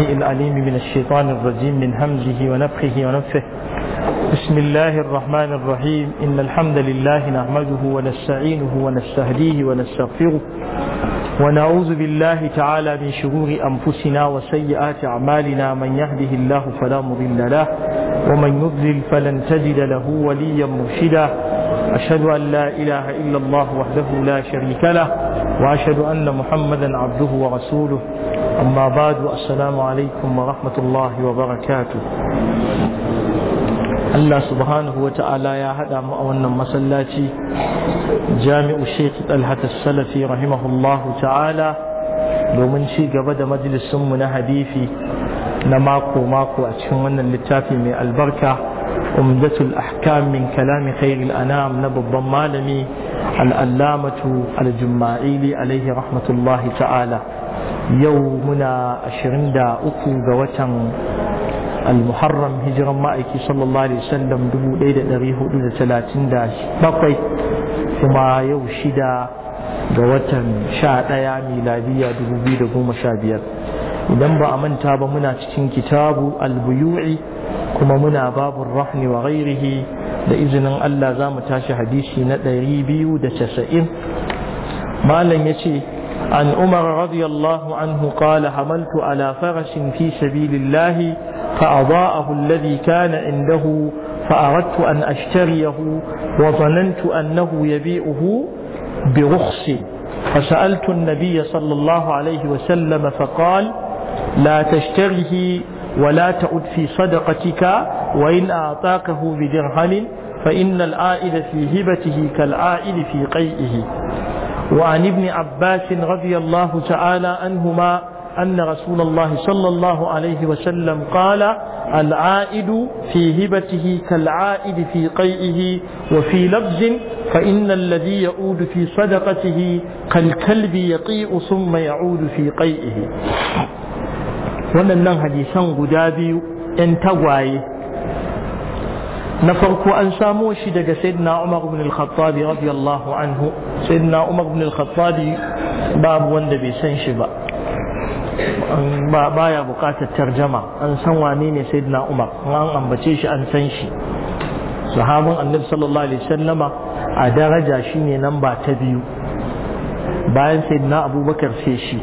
السميع العليم من الشيطان الرجيم من همزه ونفخه ونفه بسم الله الرحمن الرحيم إن الحمد لله نحمده ونستعينه ونستهديه ونستغفره ونعوذ بالله تعالى من شرور أنفسنا وسيئات أعمالنا من يهده الله فلا مضل له ومن يضلل فلن تجد له وليا مرشدا أشهد أن لا إله إلا الله وحده لا شريك له وأشهد أن محمدا عبده ورسوله أما بعد السلام عليكم ورحمة الله وبركاته Allah subhanahu wa ta'ala ya haɗa mu a wannan masallaci jami'u Sheikh Talhat Salafi rahimahullahu ta'ala domin ci gaba da majalisunmu na hadifi na mako-mako a cikin wannan littafi mai albarka umdatul ahkam min kalami khairil anam na babban malami al'allamatu al alaihi rahmatullahi ta'ala yau muna 23 ga watan al-muharram hijiran ma'aiki sallallahu alaihi wasallam 1437 kuma yau shida ga watan 11 miladiya 2015 idan ba a manta ba muna cikin kitabu al-buyu'i kuma muna babu rahni wa ghairihi da izinin Allah za mu tashi hadisi na 290 malam ya ce عن عمر رضي الله عنه قال حملت على فرش في سبيل الله فأضاءه الذي كان عنده فأردت أن أشتريه وظننت أنه يبيعه برخص فسألت النبي صلى الله عليه وسلم فقال لا تشتريه ولا تعد في صدقتك وإن أعطاكه بدرهم فإن العائد في هبته كالعائد في قيئه وعن ابن عباس رضي الله تعالى عنهما أن رسول الله صلى الله عليه وسلم قال العائد في هبته كالعائد في قيئه وفي لفظ فإن الذي يعود في صدقته كالكلب يقيء ثم يعود في قيئه wannan hadisan guda biyu ‘yan tagwaye na farko an samo shi daga sayyidina Umar ibn al-Khattab radiyallahu anhu sayyidina Umar ibn al babu wanda bai san shi ba ba baya bukatar tarjama an san wane ne sayyidina Umar an ambace shi an san shi sahabin annabi sallallahu alaihi wasallama a daraja shine namba ta biyu bayan sayyidina Abubakar sai shi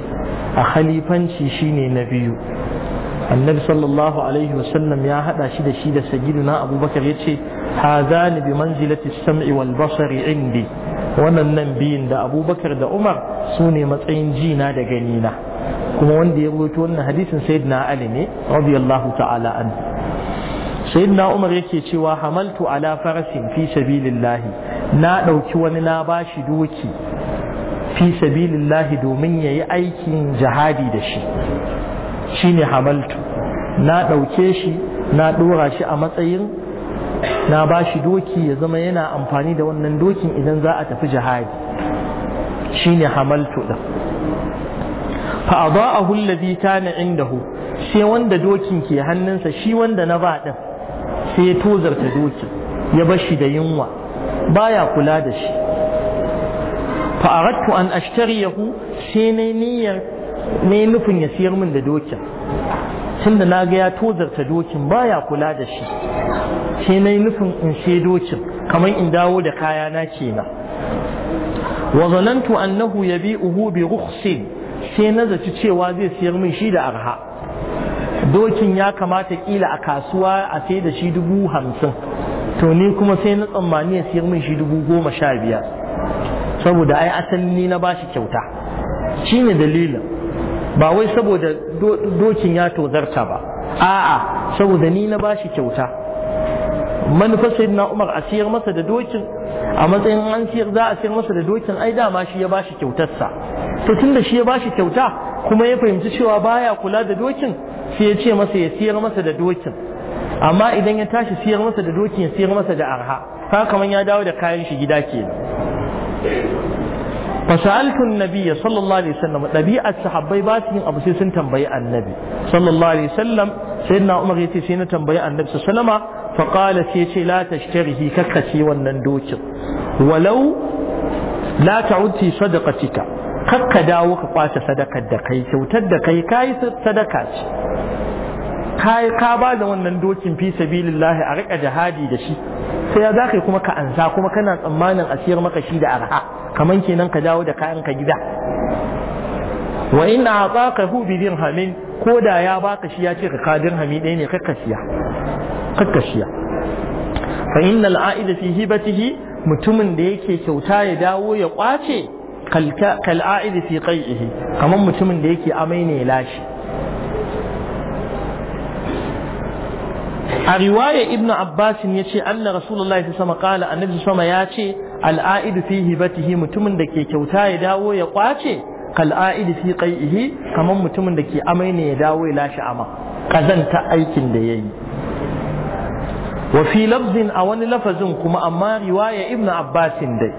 a khalifanci shine na biyu annabi sallallahu alaihi wasallam ya hada shi da shi da na abubakar ya ce hazani bi manzilati sam'i wal basari indi wannan nan biyun da abubakar da umar su ne matsayin jina da ganina kuma wanda ya rubuta wannan hadisin sayyidina ali ne radiyallahu ta'ala an sayyidina umar yake cewa hamaltu ala farasin fi sabilillah na dauki wani na bashi doki fi sabilillah domin yayi aikin jihadi da shi shine hamaltu na ɗauke shi na ɗora shi a matsayin na ba shi doki ya zama yana amfani da wannan dokin idan za a tafi jihadi shine hamaltu ɗin fa'adha'ahu alladhi kana indahu sai wanda dokin ke hannunsa shi wanda na ba din sai ya tozarta dokin ya bar shi da yunwa baya kula da shi fa'aradtu an ashtariyahu sai na niyyar ne nufin ya siyar min da dokin tunda na ga ya tozarta dokin baya kula da shi sai na yi nufin in she dokin kamar in dawo da kaya na na wa zanantu annahu ya bi rukhsin sai na zaci cewa zai siyar min shi da arha dokin ya kamata kila a kasuwa a sai da shi dubu hamsin to ni kuma sai na tsammani ya siyar min shi dubu goma sha biyar saboda ai asali ni na bashi kyauta shine dalilin ba wai saboda dokin ya tozarta ba a'a saboda ni na bashi kyauta manufar na umar a siyar masa da dokin a matsayin an siyar za a siyar masa da dokin ai dama shi ya bashi kyautarsa to tunda shi ya bashi kyauta kuma ya fahimci cewa baya kula da dokin sai ya ce masa ya siyar masa da dokin amma idan ya tashi siyar masa da dokin ya siyar masa da arha ka kaman ya dawo da kayan shi gida kenan فسألت النبي صلى الله عليه وسلم ɗabi'ar sahabbai ba su yin abu sai sun tambayi annabi sallallahu alaihi wasallam sayyidina umar yace sai na tambayi annabi sallama fa qala sai yace la tashtarihi kakkace wannan dokin walau la ta'udti sadaqatika kakka dawo ka kwace sadakar da kai kyautar da kai kai sadaka ce kai ka ba da wannan dokin fi sabilillahi a rika jihadi da shi sai ya zaka kuma ka ansa kuma kana tsammanin a siyar maka shi da arha kaman kenan ka dawo da kayan ka gida wa in a'taka hu bi dirhamin ko da ya baka shi ya ce ka hami, ɗaya ne kakka siya kakka siya fa innal a'ida fi hibatihi mutumin da yake kyauta ya dawo ya kwace kal a'idi fi qai'ihi kaman mutumin da yake amai ne ya lashi a riwaya ibnu abbas ya ce anna rasulullahi sallallahu alaihi wasallam qala annabi sallallahu alaihi wasallam ya ce al'a'idu fi hibatihi mutumin da ke kyauta ya dawo ya kwace kal'a'idu fi qai'ihi kamar mutumin da ke amai ne ya dawo ya lashe ama kazanta aikin da yayi wa fi lafzin a wani lafazin kuma amma riwaya ibna abbasin dai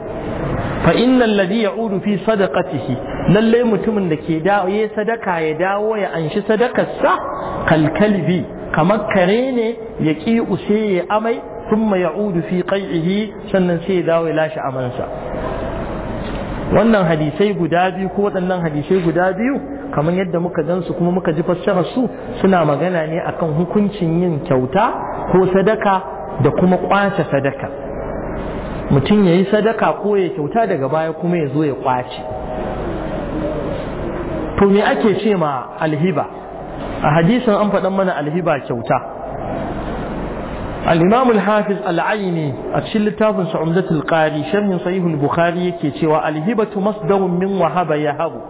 fa innal ladhi ya'udu fi sadaqatihi mutumin da ke dawo ya sadaka ya dawo ya anshi sadakarsa kalkalbi kamar kare ne ya ƙi use ya amai ثم يعود في قيعه sannan sai ya dawo ya lashe amansa wannan hadisai guda biyu ko waɗannan hadisai guda biyu kamar yadda muka gansu kuma muka ji fassarar su suna magana ne akan hukuncin yin kyauta ko sadaka da kuma kwace sadaka mutum ya yi sadaka ko ya kyauta daga baya kuma ya zo ya kwace to me ake ce ma alhiba a hadisin an faɗan mana alhiba kyauta al-imam al-hafiz al a cikin littafin sa umdatul qari sharhin sahih al-bukhari yake cewa al-hibatu masdarun min wahaba yahabu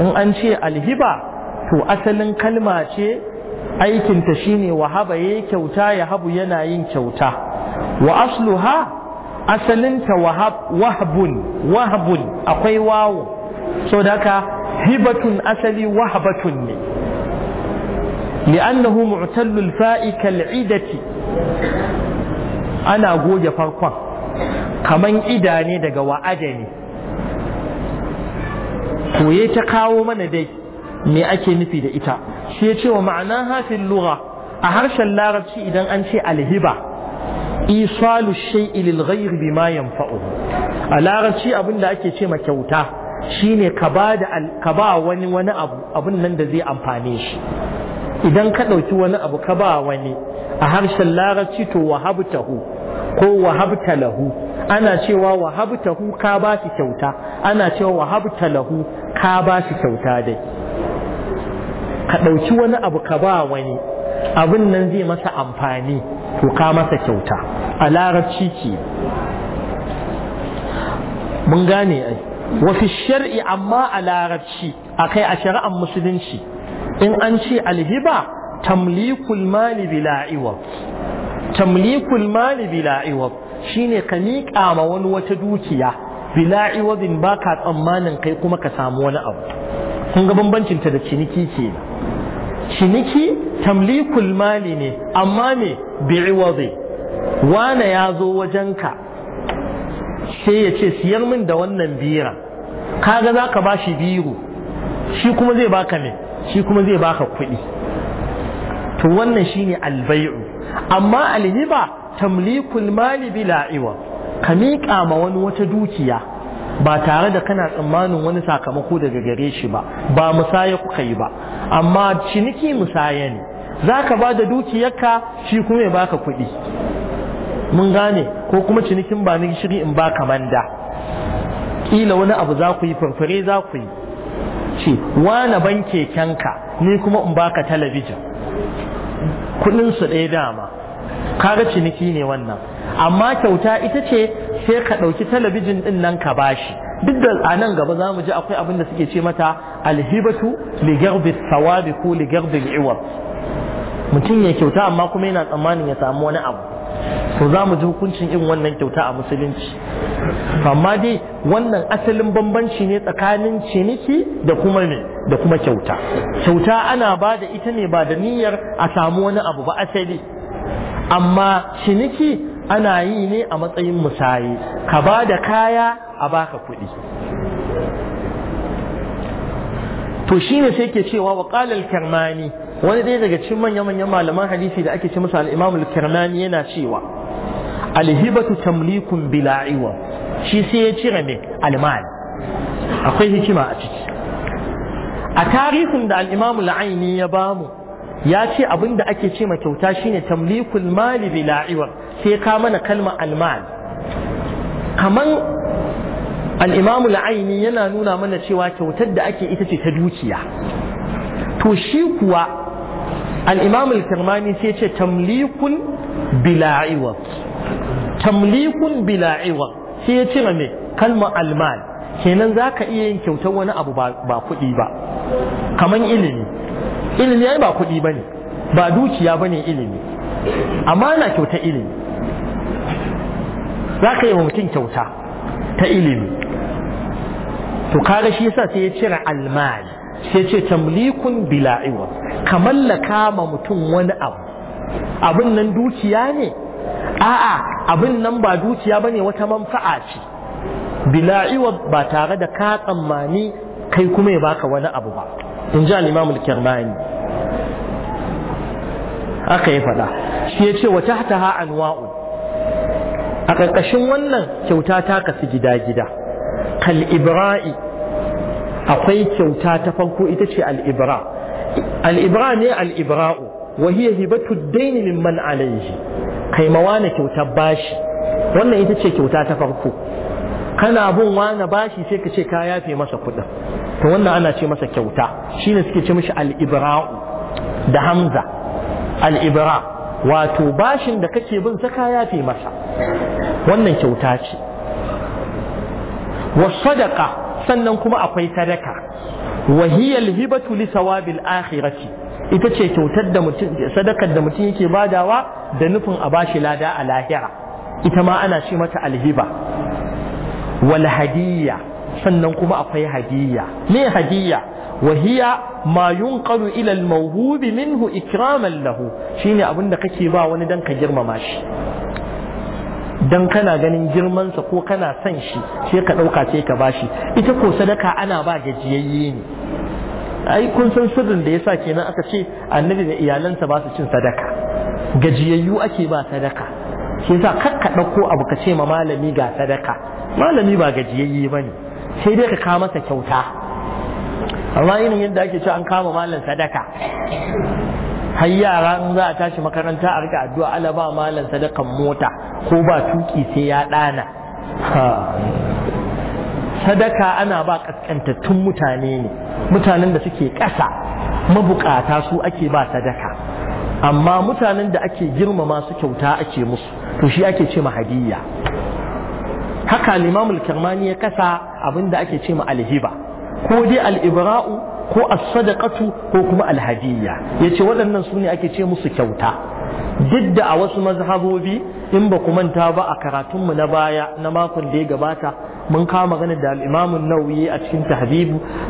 in an ce Alhiba to asalin kalma ce aikin ta shine wahaba yayi kyauta yahabu yana yin kyauta wa asluha asalin ta akwai wawo so haka hibatun asali wahbatun ne li'annahu mu'tallul fa'i kal'idati ana goge farkon kaman idane daga wa'ada ne koye ta kawo mana dai me ake nufi da ita shi ya ce wa ma'ana hafin lura a harshen larabci idan an ce alhiba isalu shay'i lil ghayr bima yanfa'u a larabci abin da ake ce ma kyauta shine ka ba ka ba wani wani abu abin nan da zai amfane shi idan ka ɗauki wani abu ka ba wani a harshen larabci to wahabtahu ko wahabtalahu ana cewa wahabtahu ka ba shi kyauta ana cewa wahabtalahu ka ba shi kyauta dai ka ɗauki wani abu ka ba wani abin nan zai masa amfani to ka masa kyauta a larabci ke mun gane ai wasu shar'i amma a larabci akai a shari'ar musulunci in an ce alhiba tamlikul mali bila'iwa tamlikul mali bila'iwa shine ka miƙa ma wani wata dukiya bila ba baka tsammanin kai kuma ka samu wani abu kun ga bambancin da ciniki ke ciniki tamlikul mali ne amma me bi'iwazi wane ya zo wajenka sai ya ce siyar min da wannan bira kaga za ka bashi biru shi kuma zai baka min. shi kuma zai baka kuɗi to wannan shine albay'u amma alhiba tamlikul mali bila iwa ka miƙa ma wani wata dukiya ba tare da kana tsammanin wani sakamako daga gare shi ba ba musaya kuka yi ba amma ciniki musaya ne za ka ba da dukiyarka shi kuma ya baka kuɗi mun gane ko kuma cinikin ba ni shiri in baka manda ƙila wani abu za ku yi farfare za ku yi ce wane ban ka ni kuma in baka talabijin kudin su ɗaya dama kaga ciniki ne wannan amma kyauta ita ce sai ka ɗauki talabijin ɗin nan ka bashi duk da a nan gaba za mu ji akwai abin da suke ce mata alhibatu li garbi sawabi ko li garbi mutum ya kyauta amma kuma yana tsammanin ya samu wani abu to za mu ji hukuncin irin wannan kyauta a musulunci amma dai wannan asalin bambanci ne tsakanin ciniki da kuma ne da kuma kyauta kyauta ana ba da ita ne ba da niyyar a samu wani abu ba asali amma ciniki ana yi ne a matsayin musaye ka ba da kaya a baka kuɗi to shine sai ke cewa wa qala al wani ɗaya daga cikin manya-manyan malaman hadisi da ake ce masa al kirmani yana cewa Alhibatu tamlikun bila shi sai ya cire me al akwai hikima a ciki a tarihin da al-Imam ya bamu ya ce abin da ake ce ma kyauta shine tamlikun mali bila sai ka mana kalma almal. mal kaman al yana nuna mana cewa kyautar da ake ita ce ta dukiya to shi kuwa al-imam al-kirmani sai ce tamlikun bila iwad tamlikun bila iwad sai ya cire me kalmar almal kenan zaka iya yin kyautar wani abu ba kuɗi ba kaman ilimi ilimi ai ba kuɗi bane ba dukiya ba ne ilimi amana kyauta ilimi za zaka yi wa mutum kyauta ta ilimi to kaga shi yasa sai ya cire almal sai ce tamlikun bilaiwa ka mallaka ma mutum wani abu abin nan dukiya ne a'a abin nan ba dukiya bane wata manfa'a ce bila'iwa ba tare da ka tsammani kai kuma ya baka wani abu ba in ji al-imam al-kirmani aka yi faɗa shi ya ce wa tahtaha a ƙarƙashin wannan kyauta ta kasu gida-gida kal ibra'i akwai kyauta ta farko ita ce al'ibra al'ibra ne al'ibra'u wa hiya hibatu daini mimman alayhi kai ma kyauta bashi wannan ita ce kyauta ta farko kana bin wani bashi sai ka ce ka yafe masa kuɗin to wannan ana ce masa kyauta shine suke ce mishi al'ibra'u da hamza al'ibra wato bashin da kake bin sa ka yafe masa wannan kyauta ce wa sannan kuma akwai sadaka wahiyal hibatu alhibatu li sawabil akhirati ita ce kyautar da mutum sadakar da mutum yake badawa da nufin a bashi lada a lahira ita ma ana ce mata alhiba wal hadiyya sannan kuma akwai hadiyya me hadiyya وهي ما minhu إلى الموهوب abin da kake ba wani dan ka girmama shi? dan kana ganin girmansa ko kana san shi sai ka ɗauka sai ka bashi ita ko sadaka ana ba gajiyayye ne ai kun san sirrin da yasa kenan aka ce annabi da iyalansa ba su cin sadaka gajiyayyu ake ba sadaka sai sa ka ɗauko abu ka ce ma malami ga sadaka malami ba gajiyayye ba ne sai dai ka kawo masa kyauta amma yanayin yadda ake cewa an kama malam sadaka har yara in za a tashi makaranta a rika addu'a ala ba malam sadakan mota ko ba tuki sai ya dana sadaka ana ba kaskantattun mutane ne mutanen da suke ƙasa mabukata su ake ba sadaka amma mutanen da ake girmama su kyauta ake musu to shi ake ce hadiyya haka limamul kirmani ya kasa abinda ake ce ma alhiba ko dai al ibra'u ko as-sadaqatu ko kuma al-hadiyya yace waɗannan su ne ake ce musu kyauta duk da a wasu mazhabobi in ba ku manta ba a karatunmu na baya na makon da ya gabata mun kawo magana da al-Imam Nawawi a cikin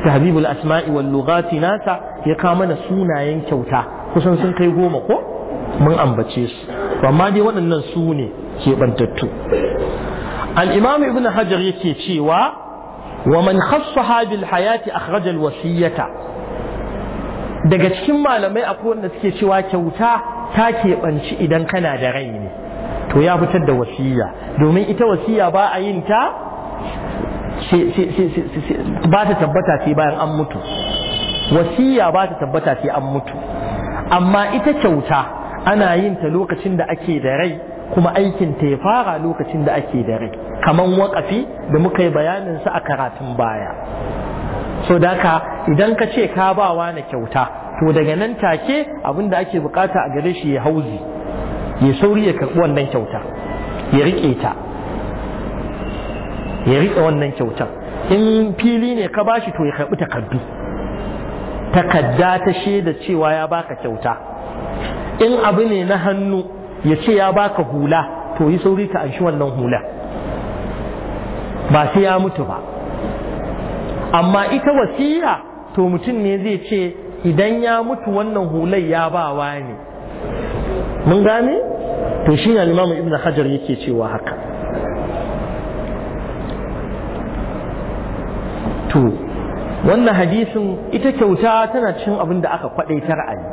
Tahbibu al Asma'i wal Lughati nasa ya kawo mana sunayen kyauta kusan sun kai goma ko mun ambace su amma dai waɗannan su ne ke bantattu al-Imam Ibn Hajar yake cewa ومن خصها بالحياة أخرج الوصية daga cikin malamai akwai wanda suke cewa kyauta ta keɓanci idan kana da rai ne to ya fitar da wasiya domin ita wasiya ba a yin ta ba ta tabbata sai bayan an mutu wasiya ba ta tabbata sai an mutu amma ita kyauta ana yin ta lokacin da ake da rai kuma aikin ta ya fara lokacin da ake da rai kaman wakafi da muka yi bayanin sa a karatun baya so daka idan ka ce ka ba wa na kyauta to daga nan take abin da ake bukata a gare shi ya hauzi ya sauri ya karɓi wannan kyauta ya riƙe ta ya riƙe wannan kyautar in fili ne ka bashi to ya karɓi takardu takarda ta shaida cewa ya baka kyauta in abu ne na hannu ya ce ya baka hula to yi sauri ka anshi wannan hula ba sai ya mutu ba amma ita wasiya to mutum ne zai ce idan ya mutu wannan hulai ya bawa ne mun gane to shi ne limamu ibn hajar yake cewa haka to wannan hadisin ita kyauta tana cin abin da aka kwaɗaitar a ayi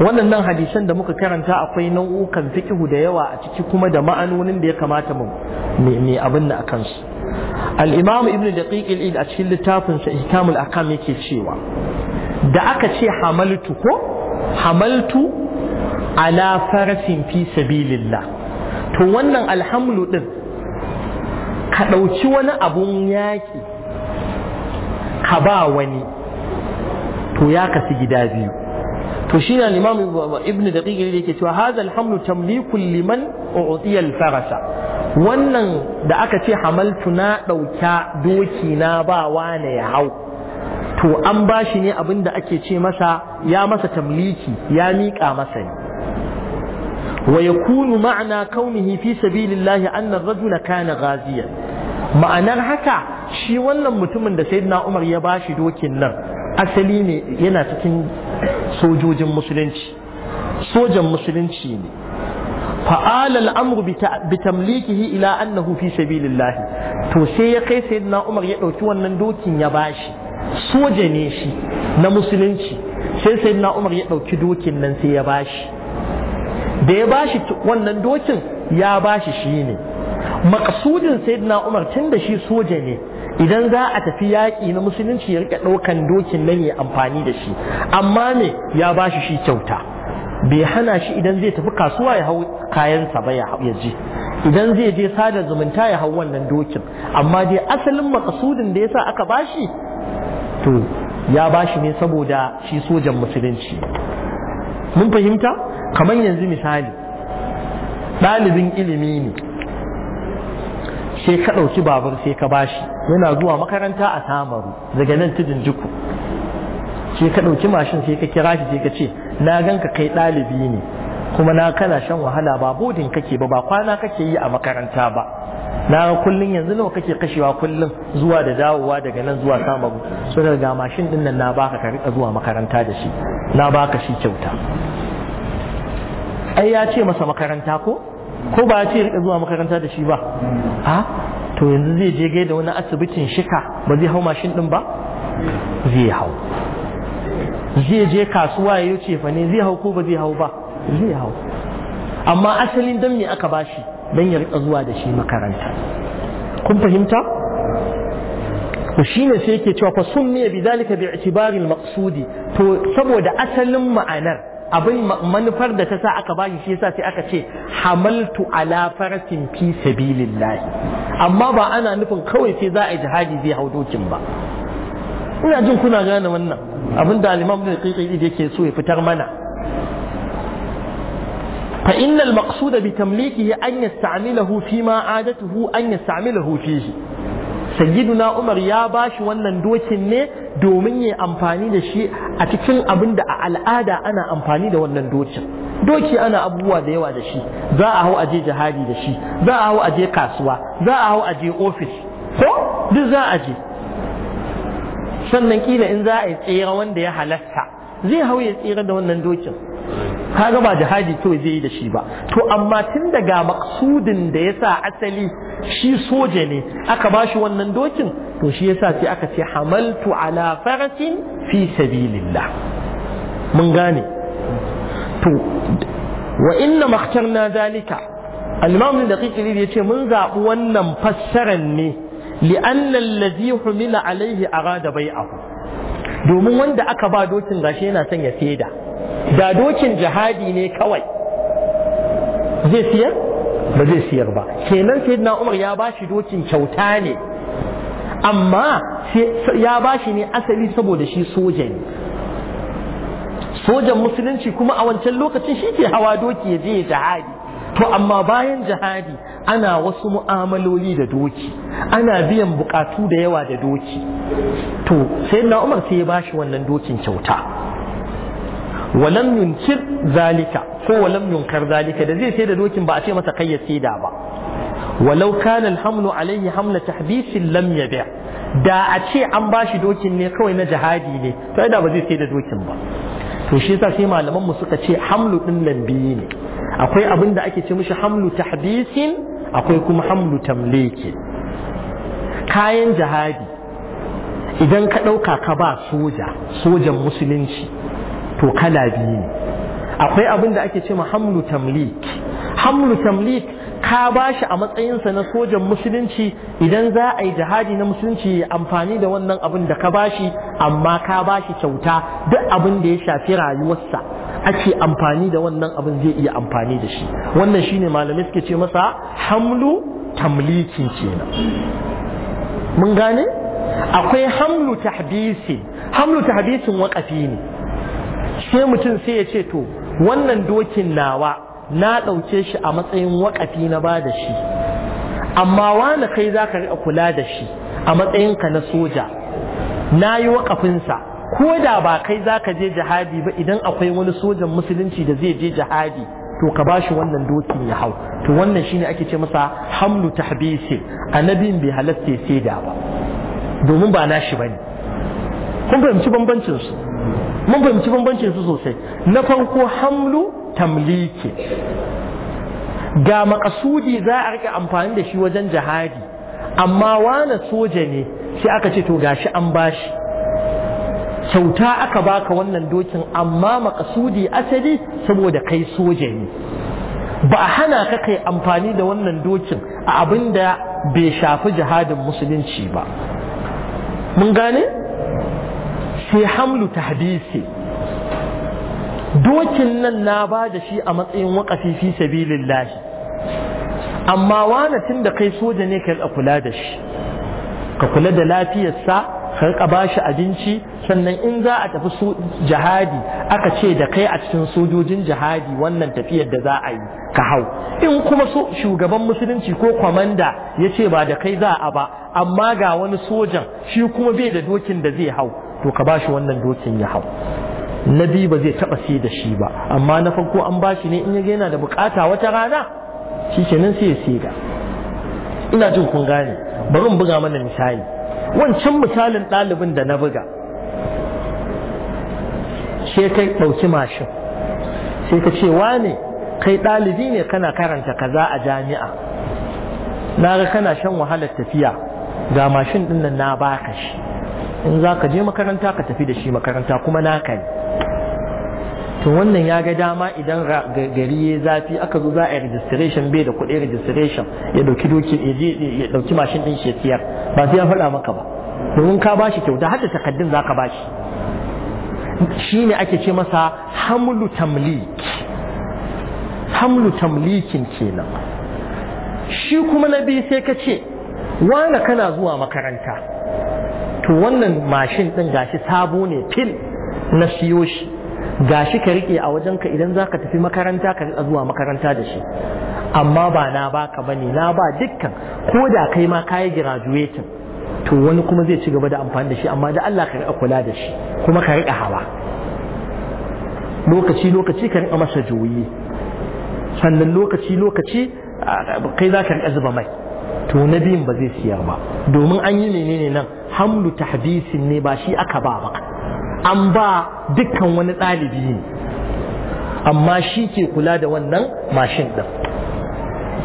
waɗannan hadisan da muka karanta akwai nau'ukan fikihu da yawa a ciki kuma da ma'anonin da ya kamata mu mai abin da akan su al-imam ibnu daqiq al a cikin littafin sa ihkamul akam yake cewa da aka ce hamaltu ko hamaltu ala farasin fi sabilillah to wannan alhamlu din ka ɗauki wani abun yaƙi ka ba wani to ya kasi gida biyu to shi ne imam ibn daqiq da yake cewa haza alhamdu tamliku liman u'tiya farasa wannan da aka ce hamaltu na ɗauka doki na ba wane ya hau to an bashi ne abin da ake ce masa ya masa tamliki ya miƙa masa ne wa kunu ma'ana kaunihi fi sabilillahi anna ar-rajula kana ma'anar haka shi wannan mutumin da sayyidina Umar ya bashi dokin nan asali ne yana cikin sojojin musulunci sojan musulunci ne fa'ala al'amru bi tamlikihi ila annahu fi sabilillah to sai ya kai sayyidina Umar ya dauki wannan dokin ya bashi soja ne shi na musulunci sai sayyidina Umar ya dauki dokin nan sai ya bashi da ya bashi wannan dokin ya bashi shi ne maƙasudin sayyidina Umar tun da shi soja ne idan za a tafi yaƙi na musulunci ya rika ɗaukan dokin nan ya amfani da shi amma ne ya ba shi shi kyauta bai hana shi idan zai tafi kasuwa ya hau kayansa ba ya ji. idan zai je sada zumunta ya hau wannan dokin amma dai asalin makasudin da yasa aka bashi to ya bashi ne saboda shi sojan musulunci mun fahimta kamar yanzu misali ɗalibin ilimi ne sai ka ɗauki babur sai ka bashi yana zuwa makaranta a samaru daga nan tudun duku sai ka ɗauki mashin sai ka kira shi sai ka ce na ganka kai ɗalibi ne kuma na kana shan wahala ba bodin kake ba ba kwana kake yi a makaranta ba na kullun yanzu nawa kake kashewa kullun zuwa da dawowa daga nan zuwa samaru so daga ga mashin din nan na baka ka rika zuwa makaranta da shi na baka shi kyauta ai ya ce masa makaranta ko ko ba ce rika zuwa makaranta da shi ba ha to yanzu zai je gaida wani asibitin shika ba zai hau mashin din ba zai hau zai je kasuwa ya yi cefa ne zai hau ko ba zai hau ba zai hau amma asalin don me aka bashi don ya rika zuwa da shi makaranta kun fahimta to shine sai yake cewa fa ne bi zalika bi i'tibari maqsudi to saboda asalin ma'anar abin manufar da ta sa aka ba shi yasa sai aka ce hamaltu ala farasin fi sabilillah amma ba ana nufin kawai sai za a yi jihadi zai hau dokin ba ina jin kuna gane wannan abin da al-imam ibn qiqi yake so ya fitar mana fa innal maqsuda bi tamlikihi an yasta'milahu fi ma adatuhu an yasta'milahu fihi sayyiduna umar ya bashi wannan dokin ne domin ya amfani da shi a cikin abin da a al'ada ana amfani da wannan dokin doki ana abubuwa da yawa da shi za a hau aje jihadi da shi za a hau aje kasuwa za a hau aje ofis ko duk za a je sannan kila in za a yi tsira wanda ya halatta zai hau ya tsira da wannan dokin kaga ba jihadi kawai zai yi da shi ba to amma tun daga maksudin da ya sa asali shi soja ne aka ba shi wannan dokin to shi yasa sai aka ce hamaltu ala farasin fi sabilillah mun gane to wa inna makhtarna zalika al-imam al-daqiqi yace mun zaɓi wannan fassaran ne لأن الذي حمل عليه أراد بيعه domin wanda aka ba dokin gashi yana son ya da dokin jihadi ne kawai zai siyar ba zai siyar ba kenan sayyidina umar ya ba shi dokin kyauta ne amma ya ba shi ne asali saboda shi soja ne sojan musulunci kuma a wancan lokacin shi ke hawa doki ya je jihadi to amma bayan jihadi ana wasu mu'amaloli da doki ana biyan bukatu da yawa da doki to sai na umar sai ya bashi wannan dokin kyauta walam yunkir zalika ko walam yunkar zalika da zai sai da dokin ba a ce masa kai ya saida ba walau kana alhamlu alaihi hamla tahbisin lam yabi da a ce an bashi dokin ne kawai na jihadi ne to da ba zai sai da dokin ba to shi yasa sai malaman mu suka ce hamlu ɗin nan ne akwai abin da ake ci mishi hamlu tahbisin akwai kuma hamlu tamliki kayan jihadi idan ka ɗauka ka ba soja sojan musulunci to kala biyu ne akwai abin da ake ce ma hamlu tamlik hamlu tamlik ka ba shi a matsayinsa na sojan musulunci idan za a yi jihadi na musulunci amfani da wannan abin da ka ba shi amma ka bashi kyauta duk abin da ya shafi rayuwarsa ake amfani da wannan abin zai iya amfani da shi wannan shine malamai suke ce masa hamlu tamlikin kenan mun gane akwai hamlu tahbisin hamlu tahbisin waƙafi ne sai mutum sai ya ce to wannan dokin nawa na ɗauke shi a matsayin wakati na ba da shi amma wani kai za ka riƙa kula da shi a matsayinka na soja na yi wakafinsa ko da ba kai za ka je jihadi ba idan akwai wani sojan musulunci da zai je jihadi to ka bashi wannan dokin ya hau to wannan shine ake ce masa hamlu tahbisi annabin bai halatta ya saida ba domin ba na shi ba ne. kun fahimci bambancin su mun fahimci bambancin su sosai na farko hamlu tamliki ga makasudi za a rika amfani da shi wajen jihadi amma wane soja ne sai aka ce to gashi an bashi kyauta aka baka wannan dokin amma makasudi asali saboda kai soja ne ba a hana ka kai amfani da wannan dokin a abin da bai shafi jihadin musulunci ba mun gane sai hamlu tahdisi dokin nan na ba da shi a matsayin waƙafi fi sabilin lahi amma wane tun da kai soja ne ka kula da shi ka kula da lafiyarsa ka ba shi abinci sannan in za a tafi jihadi aka ce da kai a cikin sojojin jihadi wannan tafiyar da za a yi ka hau in kuma shugaban musulunci ko kwamanda ya ce ba da kai za a ba amma ga wani sojan shi kuma bai da dokin da zai hau to ka bashi wannan dokin ya hau na biyu ba zai taba sai da shi ba amma na farko an bashi ne in ya yana da bukata wata rana shi kenan sai ya siga ina jin kun gane bari in buga mana misali wancan misalin ɗalibin da na buga ke kai ɗauki mashin sai ka ce wane kai ɗalibi ne kana karanta kaza a jami'a na ga kana shan wahalar tafiya ga mashin ɗin na baka shi in za ka je makaranta ka tafi da shi makaranta kuma naka ne to wannan ya ga dama idan gari ya zafi aka zo za a yi registration bai da kuɗin registration ya dauki doki ya ɗauki mashin ɗin shekiyar ba sai ya faɗa maka ba domin ka bashi kyauta har da takaddun za ka bashi shi ne ake ce masa hamlu tamlik hamlu tamlikin kenan shi kuma na biyu sai ka ce kana zuwa makaranta to wannan mashin ɗin gashi sabo ne fil na siyo shi gashi ka rike a wajen ka idan za ka tafi makaranta ka riƙa zuwa makaranta da shi amma ba na baka bane na ba dukkan ko da kai ma kayi graduating to wani kuma zai ci gaba da amfani da shi amma da Allah ka riƙa kula da shi kuma ka riƙa hawa lokaci lokaci ka riƙa masa juyi sannan lokaci lokaci kai za ka riƙa zuba mai to na biyun ba zai siyar ba domin an yi menene nan hamlu tahdisin ne ba shi aka ba ba an ba dukkan wani ɗalibi ne amma shi ke kula da wannan mashin ɗin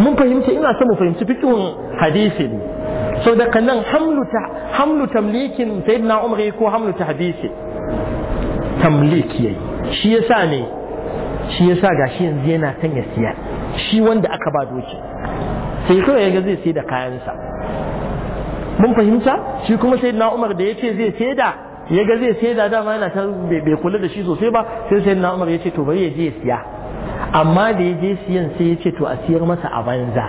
mun fahimci ina so mu fahimci fikin hadisi ne sau daga nan hamlu tamlikin na umar ko hamlu tahdisi tamlik yayi shi yasa ne shi yasa gashi yanzu yana sanya siya shi wanda aka ba doki sai kawai ya ga zai sai da kayansa mun fahimta shi kuma sai na umar da ya ce zai sai da ya ga zai sai da dama yana ta bai kula da shi sosai ba sai sai na umar ya ce to bari ya je ya siya amma da ya je siyan sai ya ce to a siyar masa a banza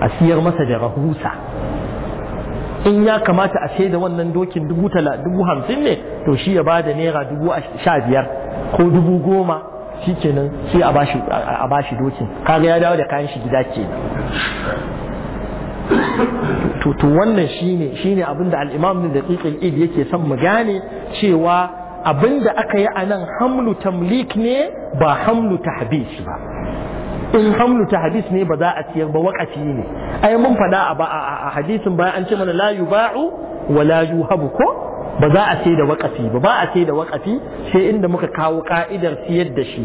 a siyar masa da rahusa in ya kamata a sai da wannan dokin dubu hamsin ne to shi ya ba da naira dubu sha biyar ko dubu goma shi kenan sai a bashi dokin kaga ya dawo da kayan shi gida ke to wannan shine shine abin da al-imam da id yake son mu gane cewa abin da aka yi a nan hamlu tamlik ne ba hamlu tahbis ba in hamlu tahbis ne ba za a ciyar ba wakati ne ai mun fada a hadisin bayan an ce mana la yuba'u wa la yuhabu ko ba za a sai da wakafi ba ba a sayi da wakafi sai inda muka kawo ka'idar siyar da shi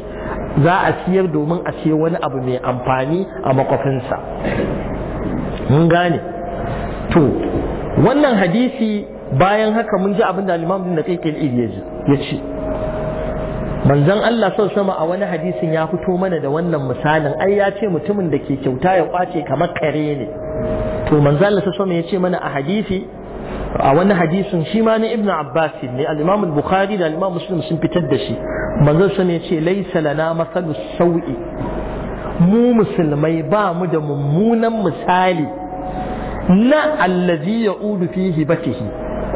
za a siyar domin a ce wani abu mai amfani a makwafinsa mun gane to wannan hadisi bayan haka mun ji abin da limam din da kai ya ce manzon Allah sau sama a wani hadisin ya fito mana da wannan misalin ai ya ce mutumin da ke kyauta ya kwace kamar kare ne to manzon Allah sau sama ya ce mana a hadisi a wani hadisin shi ma na ibn abbas ne al-imam al-bukhari da al-imam muslim sun fitar da shi manzon sa ne ce laysa lana masalu sau'i mu musulmai ba mu da mummunan misali na allazi ya'udu fi hibatihi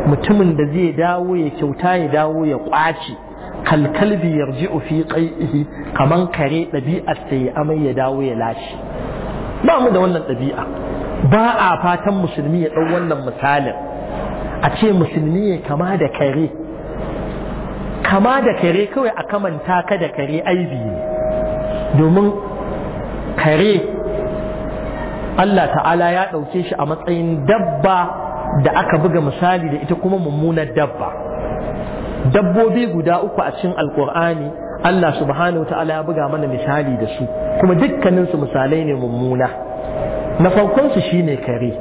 mutumin da zai dawo ya kyauta ya dawo ya kwace kalkalbi yarji'u fi qai'ihi kaman kare ɗabi'ar sai amai ya dawo ya lashi ba mu da wannan ɗabi'a ba a fatan musulmi ya ɗau wannan misalin a ce musulmi ne kama da kare kama da kare kawai a kamanta ka da kare aibi ne domin kare Allah ta'ala ya ɗauke shi a matsayin dabba da aka buga misali da ita kuma mummunar dabba dabbobi guda uku a cikin alkur'ani Allah subhanahu wa ta'ala ya buga mana misali da su kuma dukkaninsu misalai ne mummuna na farkonsu shine kare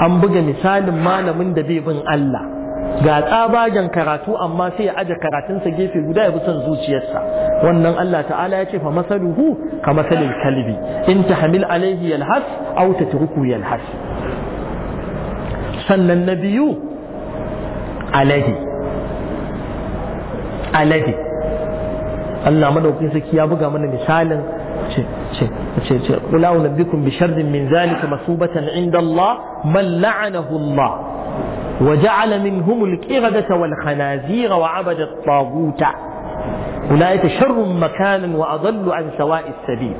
an buga misalin malamin da bai bin Allah ga tsabagen karatu amma sai ya aje sa gefe guda ya bi son zuciyarsa wannan Allah ta'ala ya ce fa masaluhu ka masalil kalbi in tahmil alaihi yalhas aw tatruku yalhas sannan na biyu alaihi alaihi Allah madaukakin saki ya buga mana misalin ce ce قل أنبئكم بشر من ذلك مثوبة عند الله من لعنه الله وجعل منهم القردة والخنازير وعبد الطاغوت أولئك شر مكانا وأضل عن سواء السبيل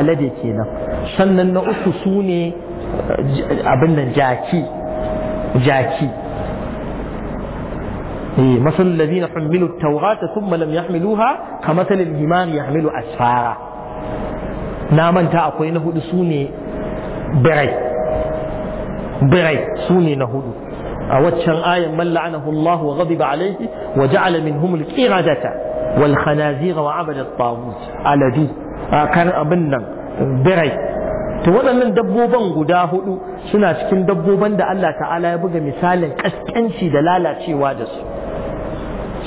alade kenan sannan na uku su جاكي إيه مثل الذين حملوا التوراة ثم لم يحملوها كمثل الهمار يحمل أسفارا نامن تا أقوي نهود سوني بري بري سوني نهود أوتشن آية من لعنه الله وغضب عليه وجعل منهم القردة والخنازير وعبد الطاغوت على دي كان أبنا بري to waɗannan dabbobin guda hudu suna cikin dabbobin da Allah ta'ala ya buga misalin ƙasƙanci da lalacewa da su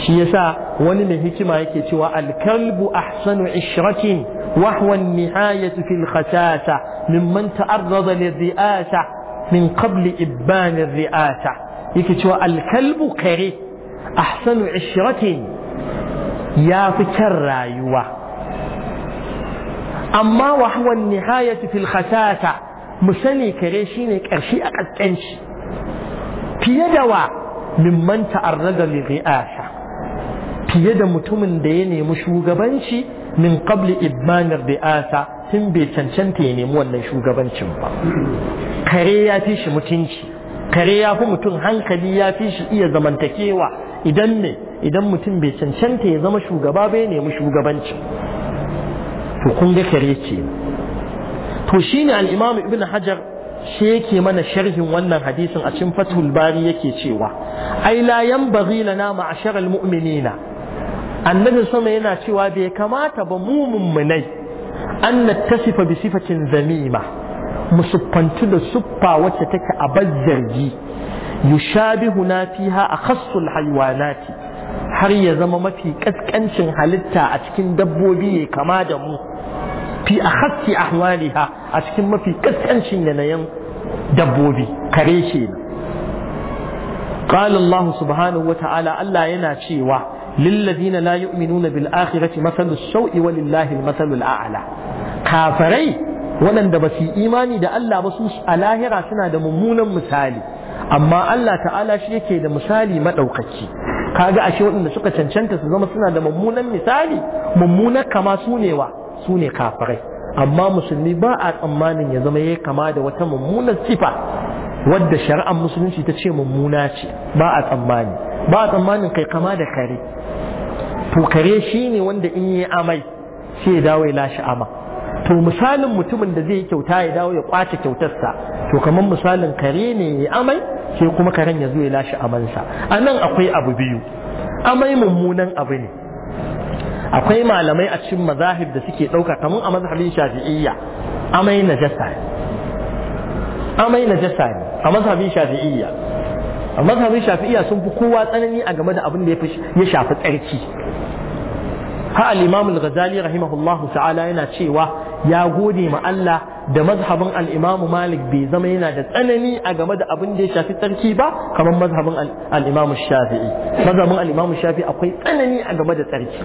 shi yasa wani mai hikima yake cewa alkalbu ahsanu ishratin وهو النهاية في الخساسة ممن تعرض للرئاسة من قبل إبان الرئاسة يكتوى الكلب كري أحسن عشرة يا فكر رايوة أما وهو النهاية في الخساسة مسني كريشين كرشي أقد أنش في يدوى ممن تعرض للرئاسة fiye da mutumin da ya nemi shugabanci min qabli da 'asa tun bai cancanta ya nemi wannan shugabancin ba kare ya fi shi mutunci kare ya fi mutum hankali ya fi shi iya zamantakewa idan ne idan mutum bai cancanta ya zama shugaba bai nemi shugabancin to kun ga kare ce to shine al-imam ibn hajar shi yake mana sharhin wannan hadisin a cikin fathul bari yake cewa ai la yanbaghi lana ma'ashara al-mu'minina annabin sama yana cewa bai kamata ba mu mummunai an nattasifa bi sifatin zamima mu siffantu da siffa wacce take a yushabihu yushabihuna fiha akhassul haywanati har ya zama mafi kaskancin halitta a cikin dabbobi ya kama da mu fi akhassi ahwaliha a cikin mafi kaskancin yanayin dabbobi kare shi قال الله سبحانه وتعالى ألا ينا شيوا lilladina la yu'minuna bil akhirati masalus sau'i walillahi masalul a'la kafarai waɗanda ba su imani da Allah ba su a lahira suna da mummunan misali amma Allah ta'ala shi yake da misali madaukaki kaga ashe waɗanda suka cancanta su zama suna da mummunan misali mummunar kama su ne wa su ne amma musulmi ba a tsammanin ya zama yayi kama da wata mummunar sifa wadda shari'ar musulunci ta ce mummuna ce ba a tsammani ba a tsammanin kai kama da kare to kare shi ne wanda in yi amai sai ya dawo ya lashe ama to misalin mutumin da zai yi kyauta ya dawo ya kwace kyautarsa to kamar misalin kare ne ya amai sai kuma karen ya zo ya lashe amansa a nan akwai abu biyu amai mummunan abu ne akwai malamai a cikin mazahib da suke ɗauka kamar a mazhabin shafi'iyya amai na ne amai jasa ne a mazhabin shafi'iyya a mazhabin shafi'iyya sun fi kowa tsanani a game da abin da ya shafi tsarki ha al-imam al-ghazali rahimahullahu ta'ala yana cewa ya gode ma Allah da mazhabin al-imam malik bai zama yana da tsanani a game da abin da ya shafi tsarki ba kamar mazhabin al-imam shafi'i mazhabin al-imam shafi'i akwai tsanani a game da tsarki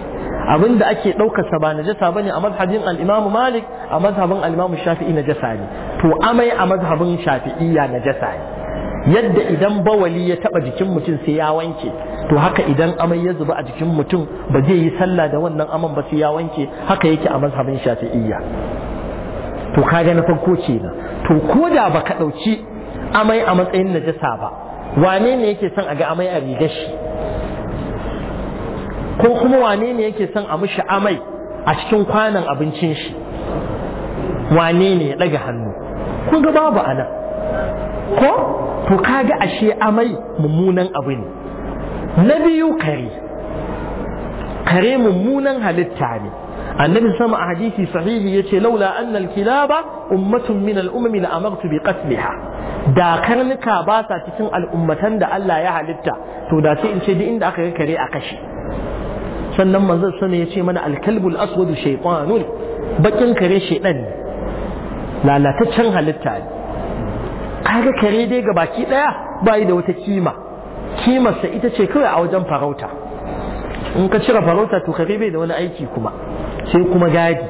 abin da ake ɗaukar sa ba najasa bane a mazhabin al-imam malik a mazhabin al-imam shafi'i najasa ne to amai a mazhabin shafi'iyya najasa ne yadda idan bawali ya taɓa jikin mutum sai ya wanke to haka idan amai ya zuba a jikin mutum ba zai yi sallah da wannan aman ba sai ya wanke haka yake a mazhabin shafi'iyya to kaga na farko na to ko da baka dauki amai a matsayin najasa ba wane ne yake son a ga amai a rigar shi ko kuma wane ne yake son a mishi amai a cikin kwanan abincin shi wane ne ya daga hannu kun ga babu anan ko to kaga ashe amai mummunan abu ne na biyu kare kare mummunan halitta ne annabi sama a hadisi sahihi yace laula annal kilaba ummatun min al-ummi la amartu bi qatliha da karnuka ba sa cikin al'ummatan da Allah ya halitta to da sai in ce duk inda aka ga kare a kashe sannan manzon sama yace mana al-kalbul aswadu shaytanun bakin kare shaydan ne lalataccen halitta ne kaga kare dai ga baki daya bai da wata kima kimarsa ita ce kawai a wajen farauta in ka cire farauta to kare bai da wani aiki kuma sai kuma gadi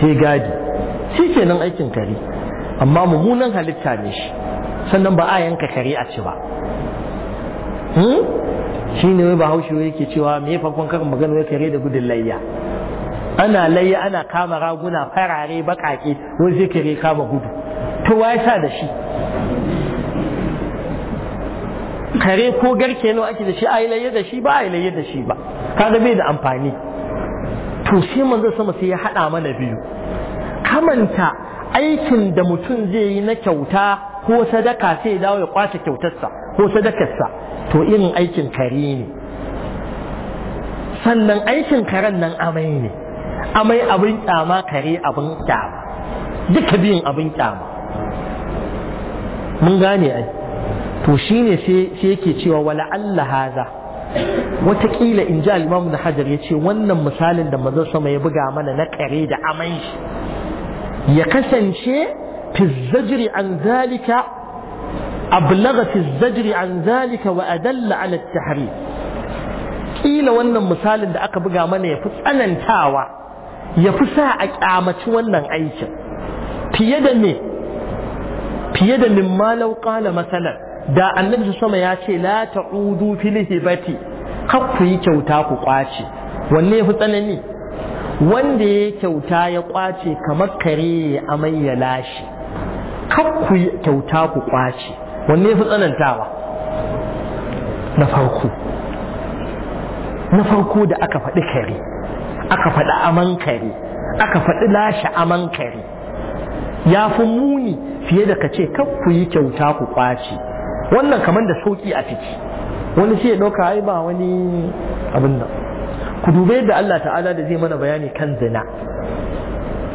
sai gadi shi kenan aikin kare amma mummunan halitta ne shi sannan ba a yanka kare a ci ba hmm? shi ne ba haushi yake cewa me farkon karin magana wai kare da gudun layya ana layya ana kama raguna farare bakake wani zai kare kama gudu to wa sa da shi kare ko garke nawa ake da shi a layye da shi ba a layye da shi ba kaga bai da amfani to sai manzo sama sai ya hada mana biyu kamanta aikin da mutum zai yi na kyauta ko sadaka sai ya dawo ya kwace kyautarsa ko sadakarsa to irin aikin kare ne sannan aikin karen nan amai ne amai abin kyama kare abin kyama duka biyun abin kyama mun gane ai to shine sai yake cewa wala Allah haza watakila in ji al-imam hajar ya ce wannan misalin da mazan sama ya buga mana na kare da aman shi ya kasance fi zajri an zalika ablaga fi an zalika wa adalla ala tahrim kila wannan misalin da aka buga mana ya fi tsanantawa ya fi sa a kyamaci wannan aikin fiye da me fiye da min malau kala da annabi sama ya ce la ta'udu fil hibati kar ku yi kyauta ku kwace wanne ya fi tsanani wanda ya kyauta ya kwace kamar kare ya amai ya lashe kar ku yi kyauta ku kwace wanne ya fi tsanantawa na farko na farko da aka faɗi kare aka faɗi aman kare aka faɗi lashe aman kare ya fi muni fiye da ka ce kar ku yi kyauta ku kwace wannan kamar da sauki a ciki wani sai ya ɗauka ai ba wani abin nan ku dube yadda Allah ta'ala da zai mana bayani kan zina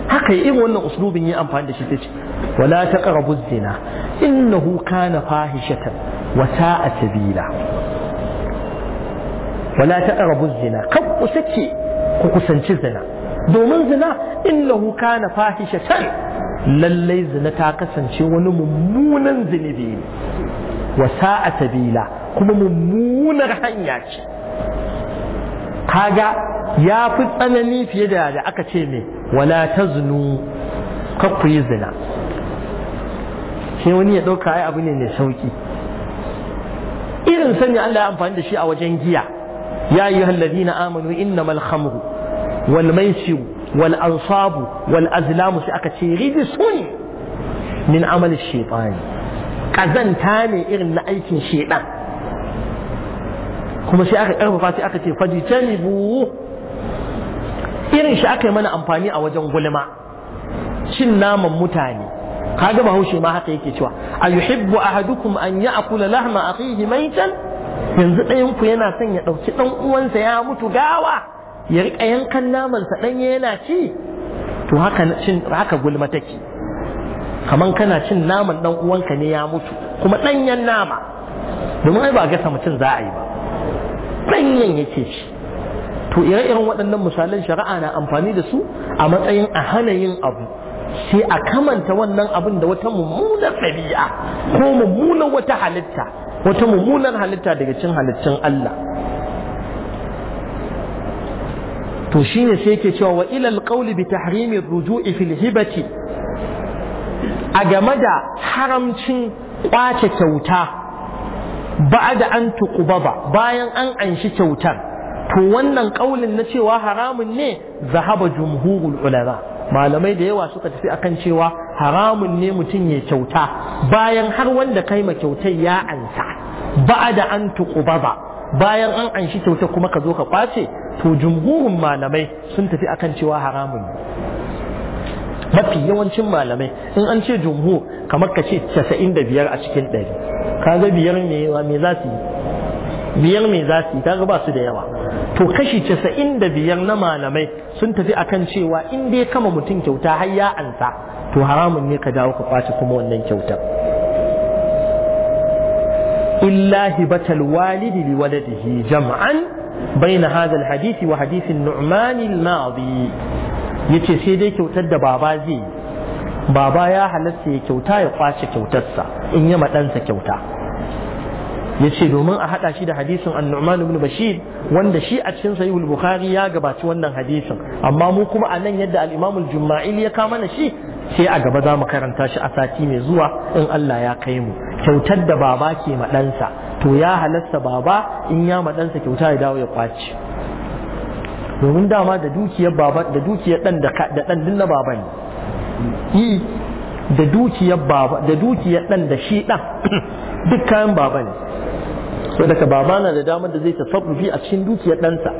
haka irin wannan uslubin yi amfani da shi ta ce wala taqrabu zina innahu kana fahishatan wa sa'a sabila wala taqrabu zina kan ku sake ku kusanci zina domin zina innahu kana fahishatan lallai zina ta kasance wani mummunan zunubi ne wa sa'a sabila kuma mummunar hanya ce kaga ya fi tsanani fiye da da aka ce me wala taznu ku yi zina sai wani ya ɗauka ai abu ne mai sauki irin sani Allah ya amfani da shi a wajen giya ya yi halladina amanu innamal khamru wal maisiru wal ansabu wal azlamu sai aka ce rijisun min amali shaitani ƙazanta ne irin na aikin sheɗa kuma sai aka ƙarfafa sai aka ce cani bu irin shi aka yi mana amfani a wajen gulma cin naman mutane kaga bahaushe ma haka yake cewa a yuhibbu ahadukum an ya'kula lahma akhihi can? yanzu ɗayan yana son ya ɗauki ɗan uwansa ya mutu gawa ya riƙa yankan namansa ɗanye yana ci to haka haka gulma take kamar kana cin naman dan uwanka ne ya mutu kuma danyen nama domin ai ba gasa mutum za a yi ba danyen yake shi to ire-iren waɗannan misalan shari'a na amfani da su a matsayin a hana yin abu sai a kamanta wannan abin da wata mummunar ɗabi'a ko mummunar wata halitta wata mummunar halitta daga cin halittun Allah to shine sai yake cewa wa ilal qawli bi tahrimi ruju'i fil hibati a game da haramcin kwace kyauta ba da an tukuba ba bayan an anshi kyautar to wannan ƙaulin na cewa haramun ne zahaba jumhurul ulama malamai da yawa suka tafi akan cewa haramun ne mutum ya kyauta bayan har wanda kai ma kyautar ya ansa ba da an tukuba ba bayan an anshi kyautar kuma ka zo ka kwace to jumhurun malamai sun tafi akan cewa haramun ne mafi yawancin malamai in an ce jumhur kamar ka ce casa'in da biyar a cikin ɗari kaga biyar me me za su yi biyar me za su yi kaga ba su da yawa to kashi casa'in da biyar na malamai sun tafi akan cewa in dai kama mutum kyauta har ya ansa to haramun ne ka dawo ka kwace kuma wannan kyautar illa hibatal walidi li waladihi jam'an بين هذا الحديث وحديث النعمان الماضي Ya ce sai dai kyautar da baba zai yi baba ya halatta ya kyauta ya kwace kyautarsa in yi ɗansa kyauta ya ce domin a haɗa shi da hadisin annu'man ibn bashir wanda shi a cikin sahihul bukhari ya gabaci wannan hadisin amma mu kuma a nan yadda al-imam al ya kama na shi sai a gaba za mu karanta shi a sati mai zuwa in Allah ya kai mu kyautar da baba ke ma ɗansa to ya halasta baba in ya ma ɗansa kyauta ya dawo ya kwace domin dama da dukiyar baba da dukiyar dan da da dan din na baban yi da dukiyar baba da dukiyar dan da shi dan duk kayan baban so daga baba na da damar da zai fi a cikin dukiyar ɗansa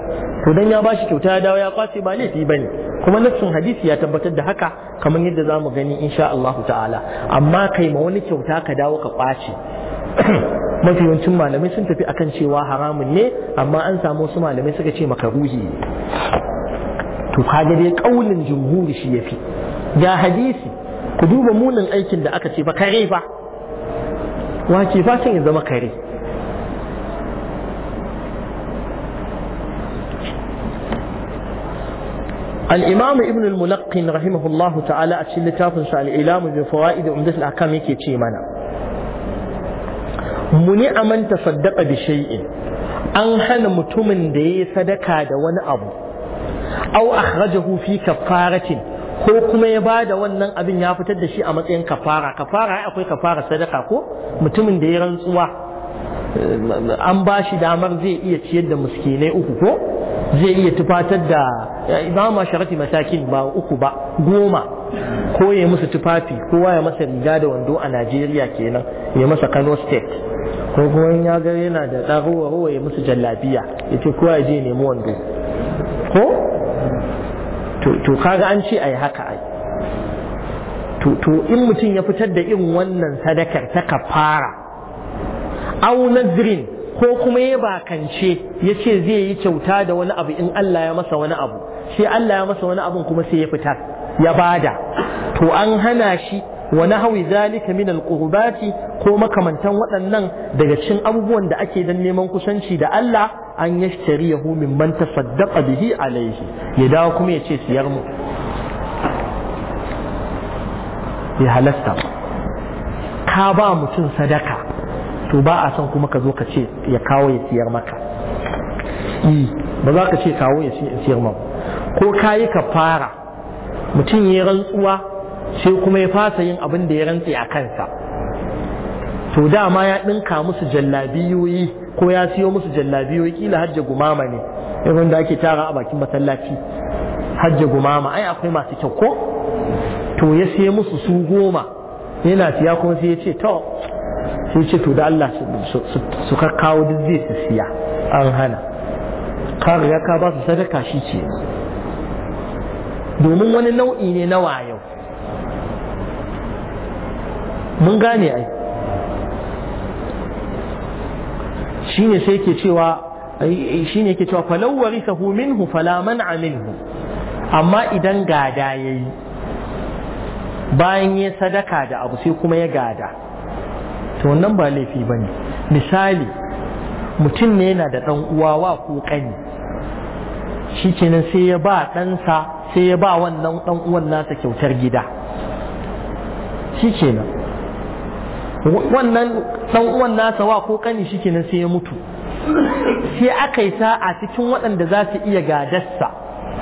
to dan ya bashi kyauta ya dawo ya kwace ba laifi bane kuma nassun hadisi ya tabbatar da haka kamar yadda zamu gani insha Allah ta'ala amma kai ma wani kyauta ka dawo ka kwace mafi yawancin malamai sun tafi akan cewa haramun ne amma an samu wasu malamai suka ce makaruhi to kaga dai kaulin jumhuri shi yafi ga hadisi ku duba munin aikin da aka ce ba kare ba wace fatan ya zama kare الإمام ابن الملقن رحمه الله تعالى أتشل تافن سأل إلام بفوائد عمدة الأحكام يكي تيمانا muni amanta tasaddaqa bi shay'in an hana mutumin da yayi sadaka da wani abu aw akhrajahu fi kafaratin ko kuma ya ba da wannan abin ya fitar da shi a matsayin kafara kafara akwai kafara sadaka ko mutumin da ya rantsuwa eh, an bashi damar zai iya ciyar da muskinai uku ko zai iya tufatar da eh, ba ma sharati matakin ba uku ba goma ko ya musu tufafi kowa ya masa riga da wando a najeriya kenan ya masa kano state ko kuma in ya ga yana da ɗaruwa ruwa ya musu jallabiya ya ce kowa je nemi wando ko to kaga an ce ai haka ai to in mutum ya fitar da irin wannan sadakar ta kafara au nazrin ko kuma ya bakance ya ce zai yi kyauta da wani abu in Allah ya masa wani abu sai Allah ya masa wani abun kuma sai ya fitar ya bada to an hana shi wa nahwi zalika min alqurbati ko makamantan waɗannan daga cikin abubuwan da ake dan neman kusanci da Allah an yashtariyahu mimman tasaddaqa bihi alaihi ya dawo kuma ya ce siyar mu ya halasta ka ba mutum sadaka to ba a san kuma ka zo ka ce ya kawo ya siyar maka ba za ka ce kawo ya siyar maka ko ka yi ka fara mutum ya rantsuwa sai kuma ya fasa yin abin da ya rantse a kansa to dama ya ɗinka musu jallabiyoyi ko ya siyo musu jallabiyoyi kila hajja gumama ne irin da ake tara a bakin masallaci hajja gumama ai akwai masu kyau ko to ya siye musu su goma yana siya kuma sai ya ce to sai ce to da Allah su kakkawo duk zai su siya an hana Kar ya ka ba su sadaka shi ce domin wani nau'i ne na wayo mun gane ai shine sai yake cewa shine yake cewa falaw warithahu minhu fala man'a minhu amma idan gada yayi bayan ya sadaka da abu sai kuma ya gada to wannan ba laifi bane misali mutum ne yana da ɗan wa ko kani shi sai ya ba ɗansa sai ya ba wannan dan uwan nasa kyautar gida shi wannan dan uwan nasa wa ko kani shi kenan sai ya mutu sai aka yi a cikin waɗanda za su iya gadarsa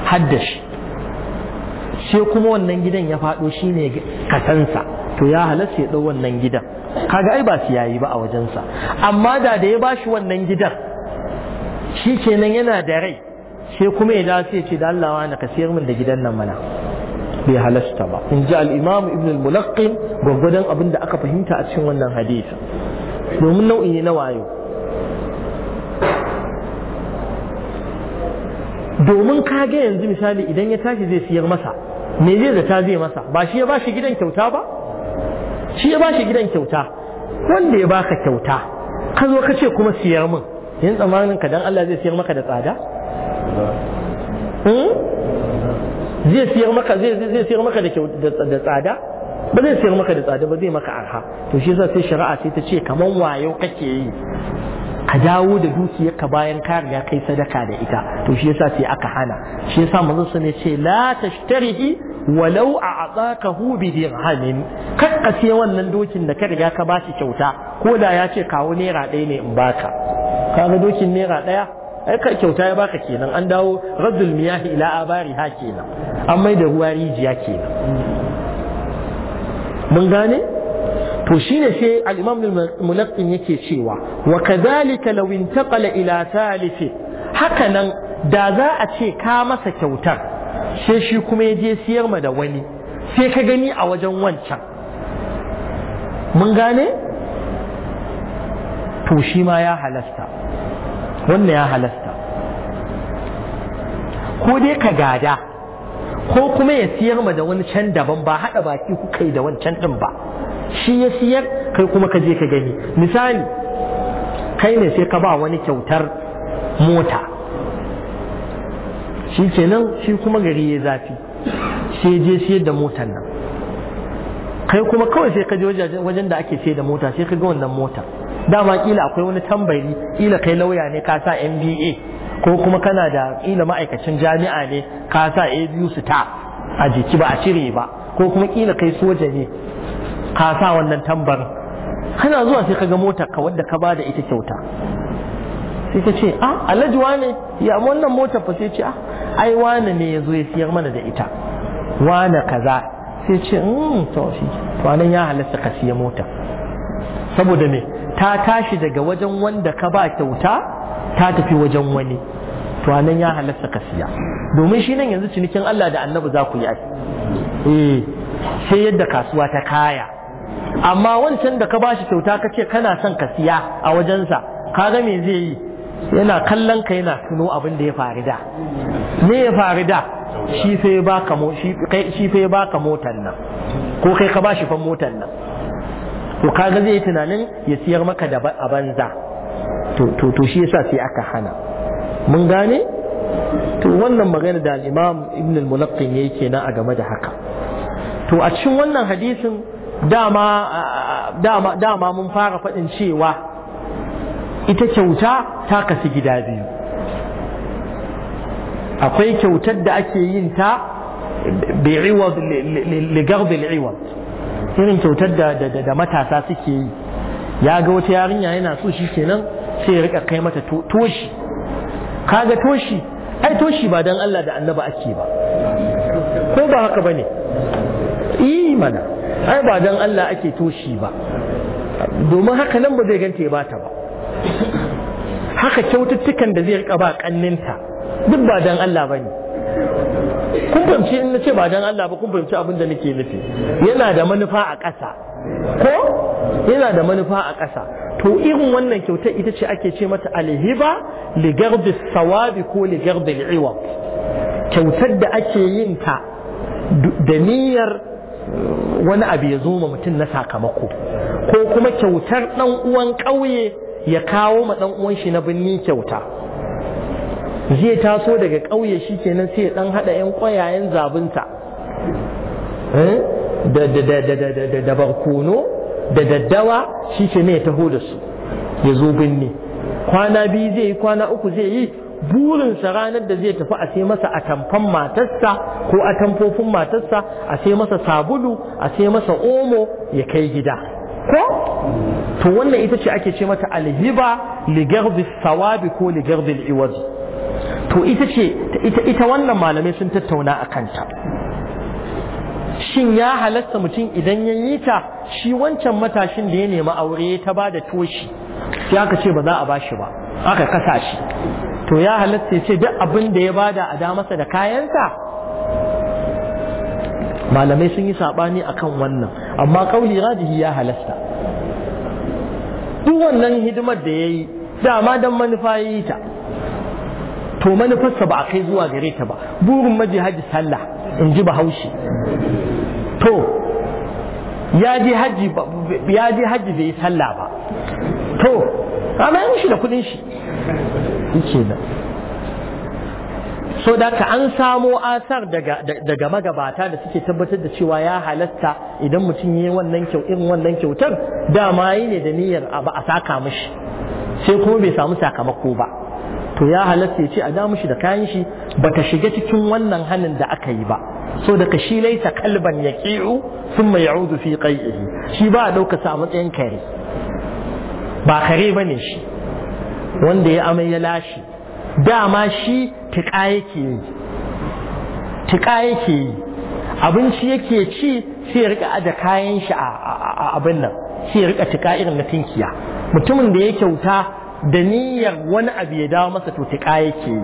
haddashi sai kuma wannan gidan ya faɗo shi ne kasansa to ya halasta ya ɗau wannan gidan kaga ai ba su yayi ba a wajensa amma da da ya bashi wannan gidan shi kenan yana da rai sai kuma ya dace ce da Allah wa na kasiyar mun da gidan nan mana bai halasta ba in ji al'imamu ibn al-mulaqqin gwaggwadon abin da aka fahimta a cikin wannan hadisi domin nau'i ne na wayo domin kage yanzu misali idan ya tashi zai siyar masa me zai zata zai masa ba shi ya ba shi gidan kyauta ba shi ya ba shi gidan kyauta wanda ya baka kyauta ka zo ka ce kuma siyar min yin tsammanin ka dan Allah zai siyar maka da tsada hmm? zai siyar maka zai siyar maka da da tsada ba zai siyar maka da tsada ba zai maka arha to shi yasa sai shari'a sai ta ce kamar wayo kake yi ka dawo da dukiyar ka bayan ka riga kai sadaka da ita to shi yasa sai aka hana shi yasa manzon sa ce la tashtarihi walau a'takahu bi dirhamin siya wannan dokin da ka riga ka bashi kyauta ko da ya ce kawo naira ɗaya ne in baka ga dokin naira ɗaya ai ka kyauta ya baka kenan an dawo raddul miyahi ila abari ha kenan an mai da ruwa rijiya kenan mun gane to shine sai al-imam al-munaqqin yake cewa wa kadhalika law intaqala ila thalith haka nan da za a ce ka masa kyautar sai shi kuma ya je siyar ma da wani sai ka gani a wajen wancan mun gane to shi ma ya halasta wannan ya halasta ko dai ka gada ko kuma ya siyar ma da wani can daban ba haɗa baki ku kai da wancan ɗin ba shi ya siyar kai kuma ka je ka gani misali kai ne sai ka ba wani kyautar mota shi kenan shi kuma gari ya zafi sai je siyar da motar nan kai kuma kawai sai ka je wajen da ake siyar da mota sai ka ga wannan motar dama kila akwai wani tambayi kila kai lauya ne ka sa MBA ko kuma kana da kila ma'aikacin jami'a ne ka sa A su ta a jiki ba a cire ba ko kuma kila kai soja ne ka sa wannan tambarin kana zuwa sai ka ga motar ka wadda ka bada ita kyauta sai ka ce a ah, alhaji wane ya wannan motar fa sai ce a ah, ai wane ne ya zo ya siyar mana da ita wane kaza sai ce mm, to shi to anan ya halatta ka siya mota saboda me ta tashi daga wajen wanda ka ba kyauta ta tafi wajen wani to anan ya halasta ka siya domin shi nan yanzu cinikin Allah da annabi za ku yi eh sai yadda kasuwa ta kaya amma wancan da ka ba shi kyauta ka ce kana son ka siya a wajensa ka ga me zai yi yana kallon ka yana tuno abin da ya faru da me ya faru da shi sai ya baka motar nan ko kai ka ba shi fan motar nan to kaga zai tunanin ya siyar maka da a banza to to shi yasa sai aka hana mun gane to wannan magana da al-imam ibn al-mulaqqin yake na a game da haka to a cikin wannan hadisin dama dama dama mun fara faɗin cewa ita kyauta ta kasu gida biyu akwai kyautar da ake yin ta bi'iwad li gardi iwad irin kyautar da da matasa suke yi ya ga wata yarinya yana so shi kenan sai ya rika kai mata toshi kaga toshi ai toshi ba dan Allah da annaba ake ba ko ba haka bane eh mana ai ba dan Allah ake toshi ba domin haka nan ba zai gante ba ta ba haka kyaututtukan da zai rika ba kanninta duk ba dan Allah bane kun fahimci in ce ba dan Allah ba kun fahimci abin da nake nufi yana da manufa a ƙasa ko yana da manufa a ƙasa to irin wannan kyauta ita ce ake ce mata alhiba li gardi sawabi ko li gardi kyautar da ake yin ta da niyyar wani abu ya zo ma mutum na sakamako ko kuma kyautar dan uwan ƙauye ya kawo ma dan uwan shi na binni kyauta zai taso daga ƙauye shi kenan sai ya ɗan haɗa 'yan ƙwayayen zabinta eh, da barkono da daddawa shi ke ne ya taho da su ya zo binne kwana biyu zai yi kwana uku zai yi burinsa ranar da zai tafi a sai masa a atamfan matarsa ko a atamfofin matarsa a sai masa sabulu a sai masa omo ya kai gida ko to wannan ita ce ake ce mata alhiba ligarbis sawabi ko ligarbi iwazi to ita ce ita wannan malamai sun tattauna a kanta shin ya halasta mutum idan ya yi ta shi wancan matashin da ya nemi aure ya ta ba da toshi sai aka ce ba za a bashi ba aka kasa shi to ya halasta ya ce duk abin da ya bada a damasa da kayansa malamai sun yi saɓani kan wannan amma ƙauli rajihi ya halasta duk wannan hidimar da ya yi dama don manufa ya yi ta to manufarsa ba a kai zuwa gare ta ba burin maji sallah in ji bahaushe to ya ji hajji bai yi sallah ba to amma ya shi da kudin shi yake da so da ka an samo asar daga magabata da suke tabbatar da cewa ya halatta idan mutum yi wannan kyau irin wannan kyautar dama yi ne da niyyar a saka mashi sai kuma bai samu sakamako ba to ya halatta ya ce a da shi da kayan shi bata shiga cikin wannan hannun da aka yi ba so daga shi laisa kalban ya ƙi'u sun mai ya'udu fi qai'ihi shi ba a ɗauka sa matsayin kare ba kare ba ne shi wanda ya amai ya lashe dama shi tiƙa yake yi tiƙa yake yi abinci yake ci sai ya riƙa kayan shi a abin nan sai ya riƙa tiƙa irin na tinkiya mutumin da ya kyauta da niyyar wani abu ya dawo masa to tuka yake yi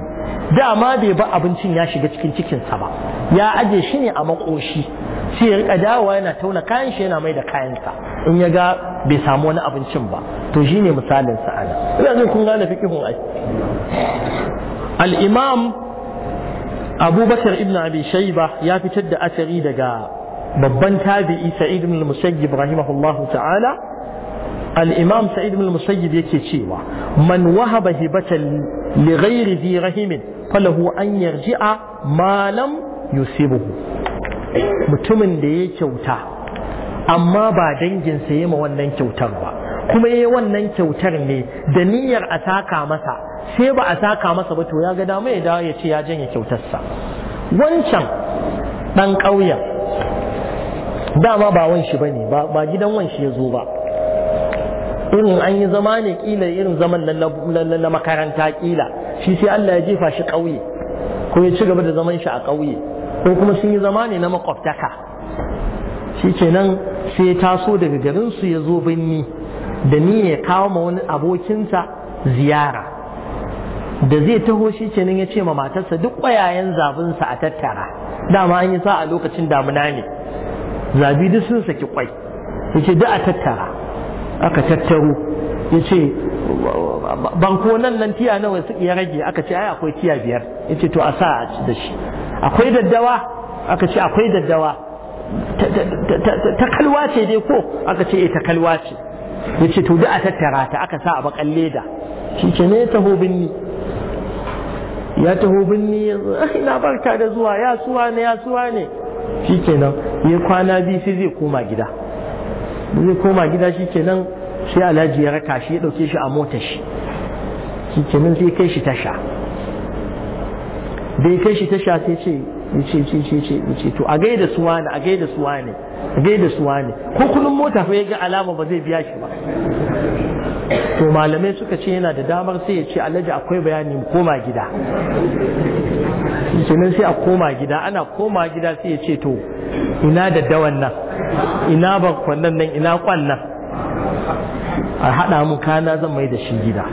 dama bai ba abincin ya shiga cikin cikinsa ba ya aje shi ne a makoshi sai ya rika dawowa yana tauna kayan shi yana mai da kayansa in ya ga bai samu wani abincin ba to shine misalin sa ana ina jin kun gane fikihun ai al-imam abubakar ibn abi shayba ya fitar da asari daga babban tabi'i sa'id ibn al-musayyib rahimahullahu ta'ala alimam imam sa'id ibn musayyib yake cewa man wahaba hibatan li ghairi rahimin falahu an yarji'a a malam yusibuhu mutumin da ya kyauta amma ba danginsa ya ma wannan kyautar ba kuma ya wannan kyautar ne da niyyar a saka masa sai ba a saka masa ba to ya ga dama ya dawo ya ce ya janye kyautarsa wancan ɗan ƙauyen dama ba wanshi ba ne ba gidan wanshi ya zo ba irin an yi zama ne kila irin zaman na makaranta kila shi sai Allah ya jefa shi ƙauye ko ya ci gaba da zaman shi a ƙauye ko kuma sun yi zama ne na makwabtaka shi nan sai ya taso daga garin su ya zo birni da ni ya kawo ma wani abokinsa ziyara da zai taho shi nan ya ce ma matarsa duk ƙwayayen zabinsa a tattara dama an yi sa a lokacin damuna ne zabi duk sun saki kwai yake duk a tattara aka tattaro ya ce banko nan nan tiya nawa ya rage aka ce ai akwai tiya biyar ya ce to a sa a ci da shi akwai daddawa aka ce akwai daddawa ta kalwa ce dai ko aka ce eh, ta kalwa ce ya ce to da a tattara ta aka sa a bakan leda shi ce ne taho binni ya taho binni ina barka da zuwa ya suwa ne ya suwa ne shi nan, ya kwana biyu sai zai koma gida zai koma gida shi kenan sai alhaji ya raka shi ya ɗauke shi a motar shi shi kenan sai kai shi tasha da ya kai shi tasha sai ce ce ce ce ce ce to a gaida suwa ne a gaida suwa ne a gaida suwa ne ko kullum mota fa ya ga alama ba zai biya shi ba to malamai suka ce yana da damar sai ya ce alhaji akwai bayani koma gida kenan sai a koma gida ana koma gida sai ya ce to ina daddawan nan ina kwannan nan ina kwan a haɗa mu kana zan mai da shi gida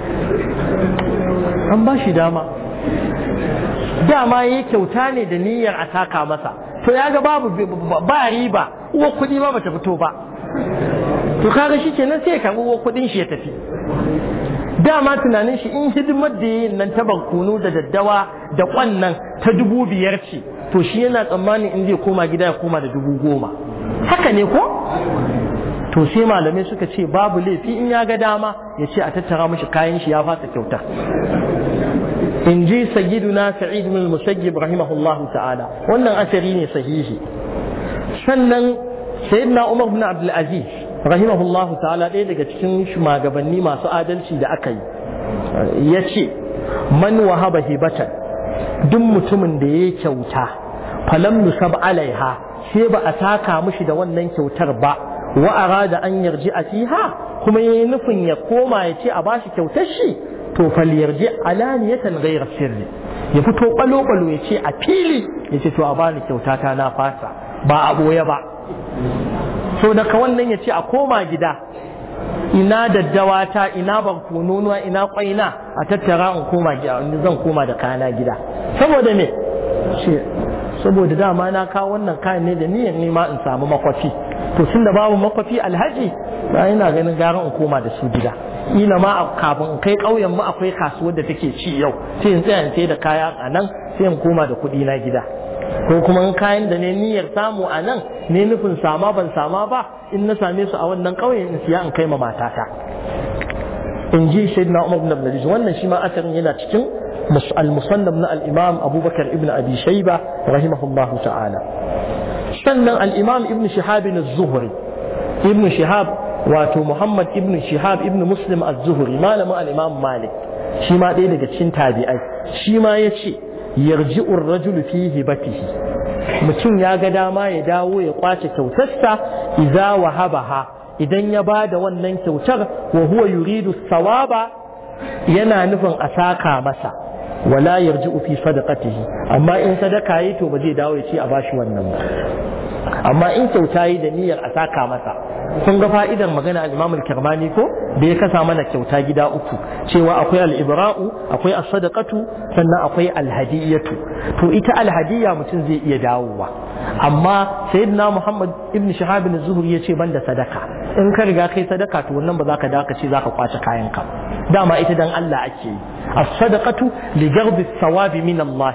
an ba shi dama dama ya kyauta ne da niyyar a taka masa to ya ga babu ba riba uwa kuɗi ba bata fito ba to kaga shi kenan sai ya karɓi uwa kuɗin shi ya tafi dama tunanin shi in hidimar da yin nan ta bankuno da daddawa da kwannan ta dubu biyar ce to shi yana tsammanin in zai koma gida ya koma da dubu goma haka ne ko to sai malamai suka ce babu laifi in ya ga dama ya ce a tattara mashi kayan shi ya fasa kyauta in ji sayyiduna sa'id bin musayyib rahimahullah ta'ala wannan asari ne sahihi sannan sayyidina umar bin abdul aziz rahimahullah ta'ala ɗaya daga cikin shugabanni masu adalci da aka yi ya ce man wahaba hibatan duk mutumin da ya kyauta falam musab alaiha sai ba a taka mushi da wannan kyautar ba wa da an yarji a fiha kuma ya yi nufin ya koma ya ce a ba shi kyautar shi to fal yarji alaniyatan ghayra sirri ya fito balo balo ya ce a fili ya ce to a bani kyauta ta na fasa ba a boye ba so daga wannan ya ce a koma gida ina daddawa ta ina barkononuwa ina kwaina a tattara in koma zan koma da kana gida saboda me saboda dama na kawo wannan kayan ne da niyyar nema in samu makwafi to tunda babu makwafi alhaji ba ina ganin gara in koma da su gida ina ma kafin in kai ƙauyen mu akwai kasuwar da take ci yau sai in tsaya in sai da kaya a nan sai in koma da kuɗi na gida ko kuma kayan da ne niyyar samu a nan ne nufin sama ban sama ba in na same su a wannan ƙauyen in siya in kai ma matata in ji sai na umar na abdulaziz wannan shi ma asarin yana cikin al musallam na al-imam abubakar ibn abi shayba rahimahullahu ta'ala sannan al ibn shihab na zuhri ibn shihab wato muhammad ibn shihab ibn muslim az-zuhri malamin al-imam malik shi ma ɗaya daga cikin tabi'ai shi ma ya ce yarji'ur rajulu fi hibatihi mutum ya ga dama ya dawo ya kwace kyautarsa iza wahabaha idan ya ba da wannan kyautar wa huwa yuridu sawaba yana nufin a saka masa wala yarji fi sadaqatihi amma in sadaka yi to ba zai dawo ya ce a bashi wannan ba amma in kyauta yi da niyyar a saka masa kun ga fa'idar magana al-Imam al-Kirmani ko da ya kasa mana kyauta gida uku cewa akwai al-ibra'u akwai as-sadaqatu sannan akwai al-hadiyatu to ita al-hadiyya mutum zai iya dawowa amma sayyidina Muhammad ibn Shihab ibn Zuhri yace banda sadaka in ka riga kai sadaka to wannan ba za ka daka ce za ka kwace kayan ka dama ita dan Allah ake yi as-sadaqatu li ghadhi as-sawabi min Allah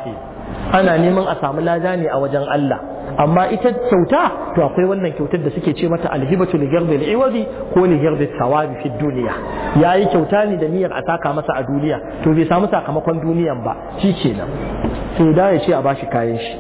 ana neman a samu lada ne a wajen Allah amma ita kyauta to akwai wannan kyautar da suke ce mata alhibatu li ghardi al ko li ghardi thawabi fi dunya yayi kyauta ne da niyyar a taka masa a duniya to bai samu sakamakon duniyan ba shikenan to da ya ce a bashi kayan shi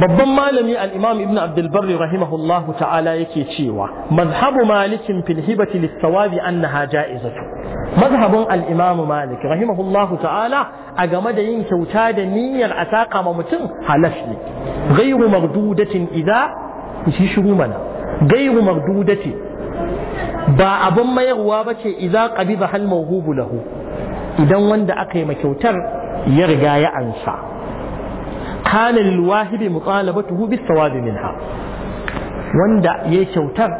babban malami al-imam ibn abdul barri rahimahullahu ta'ala yake cewa mazhabu malikin fil hibati lis-thawabi annaha ja'izatu mazhabin al-Imam Malik rahimahullahu ta'ala a game da yin kyauta da niyyar a saka ma mutum halas ne ghayru maghdudatin idza shi shiru mana ghayru ba abin mayarwa bace idza ba hal mawhubu lahu idan wanda aka yi ma kyautar ya riga ya ansa kana lil wahibi mutalabatuhu bis sawabi minha wanda ya kyautar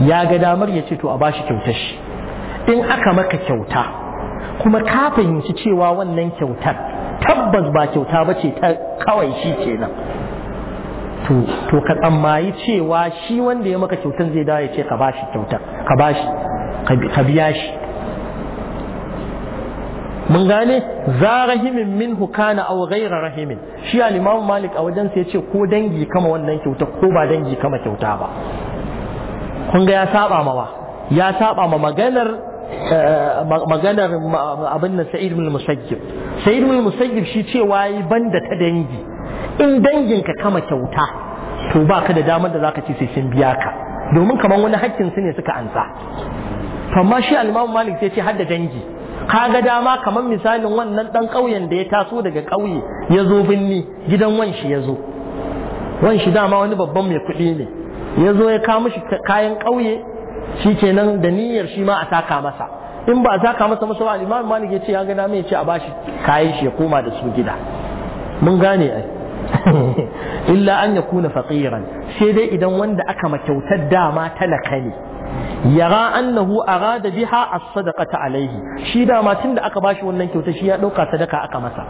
ya ga damar ya ce to a bashi kyautar shi in aka maka kyauta kuma ka fahimci cewa wannan kyautar tabbas ba kyauta ba ce ta kawai shi kenan to ka tsammayi cewa shi wanda ya maka kyautar zai dawo ya ce ka ba shi kyautar ka ba shi ka biya shi mun gane za rahimin min hukana aw ghaira rahimin shi al-imam malik a wajen sai ce ko dangi kama wannan kyauta ko ba dangi kama kyauta ba kun ga ya saba mawa ya saba ma maganar Eh, maganar abin da sa'id mil musajjib sa'id mil musajjib shi cewa yi banda ta dangi in dangin ka kama kyauta to ba ka da damar da zaka ce sai sun biya ka domin kamar wani hakkin su ne suka ansa amma shi al Malik sai ce hadda dangi kaga dama kamar misalin wannan dan ƙauyen da ya taso daga ƙauye ya zo binni gidan wanshi ya zo wanshi dama wani babban mai kuɗi ne ya zo ya kawo mishi kayan ƙauye shi kenan da niyyar shi ma a taka masa in ba a saka masa masa ba imam malik ya ce ya gana mai ce a bashi kayan shi ya koma da su gida mun gane ai illa an ya kuna faqiran sai dai idan wanda aka makyautar dama talaka ne yara annahu da biha as-sadaqata alaihi shi dama da aka bashi wannan kyauta shi ya ɗauka sadaka aka masa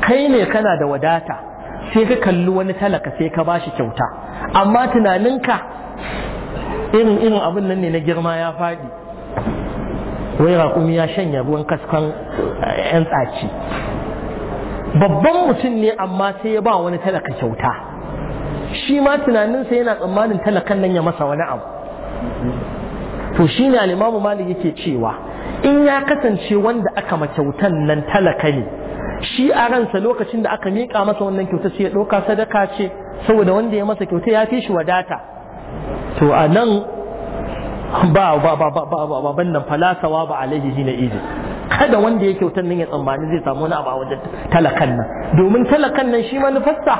kai ne kana da wadata sai ka kalli wani talaka sai ka ba shi kyauta amma tunaninka irin irin abin nan ne na girma ya faɗi wai raƙumi ya shanya ruwan kaskan eh, yan tsaci babban mutum ne amma sai ya ba wani talaka kyauta shi ma tunaninsa yana tsammanin talakan nan ya masa wani abu to shi ne alimamu malik yake cewa in ya kasance wanda aka ma kyautan nan talaka ne shi a ransa lokacin da aka miƙa masa wannan kyauta sai ya ɗauka sadaka ce saboda wanda ya masa kyauta ya fi shi wadata to a nan ba ba ba ba ba ba ban nan falasawa ba alaihi na izi. kada wanda ya kyautar nan ya tsammani zai samu wani abu a wajen talakan nan domin talakan nan shi manufarsa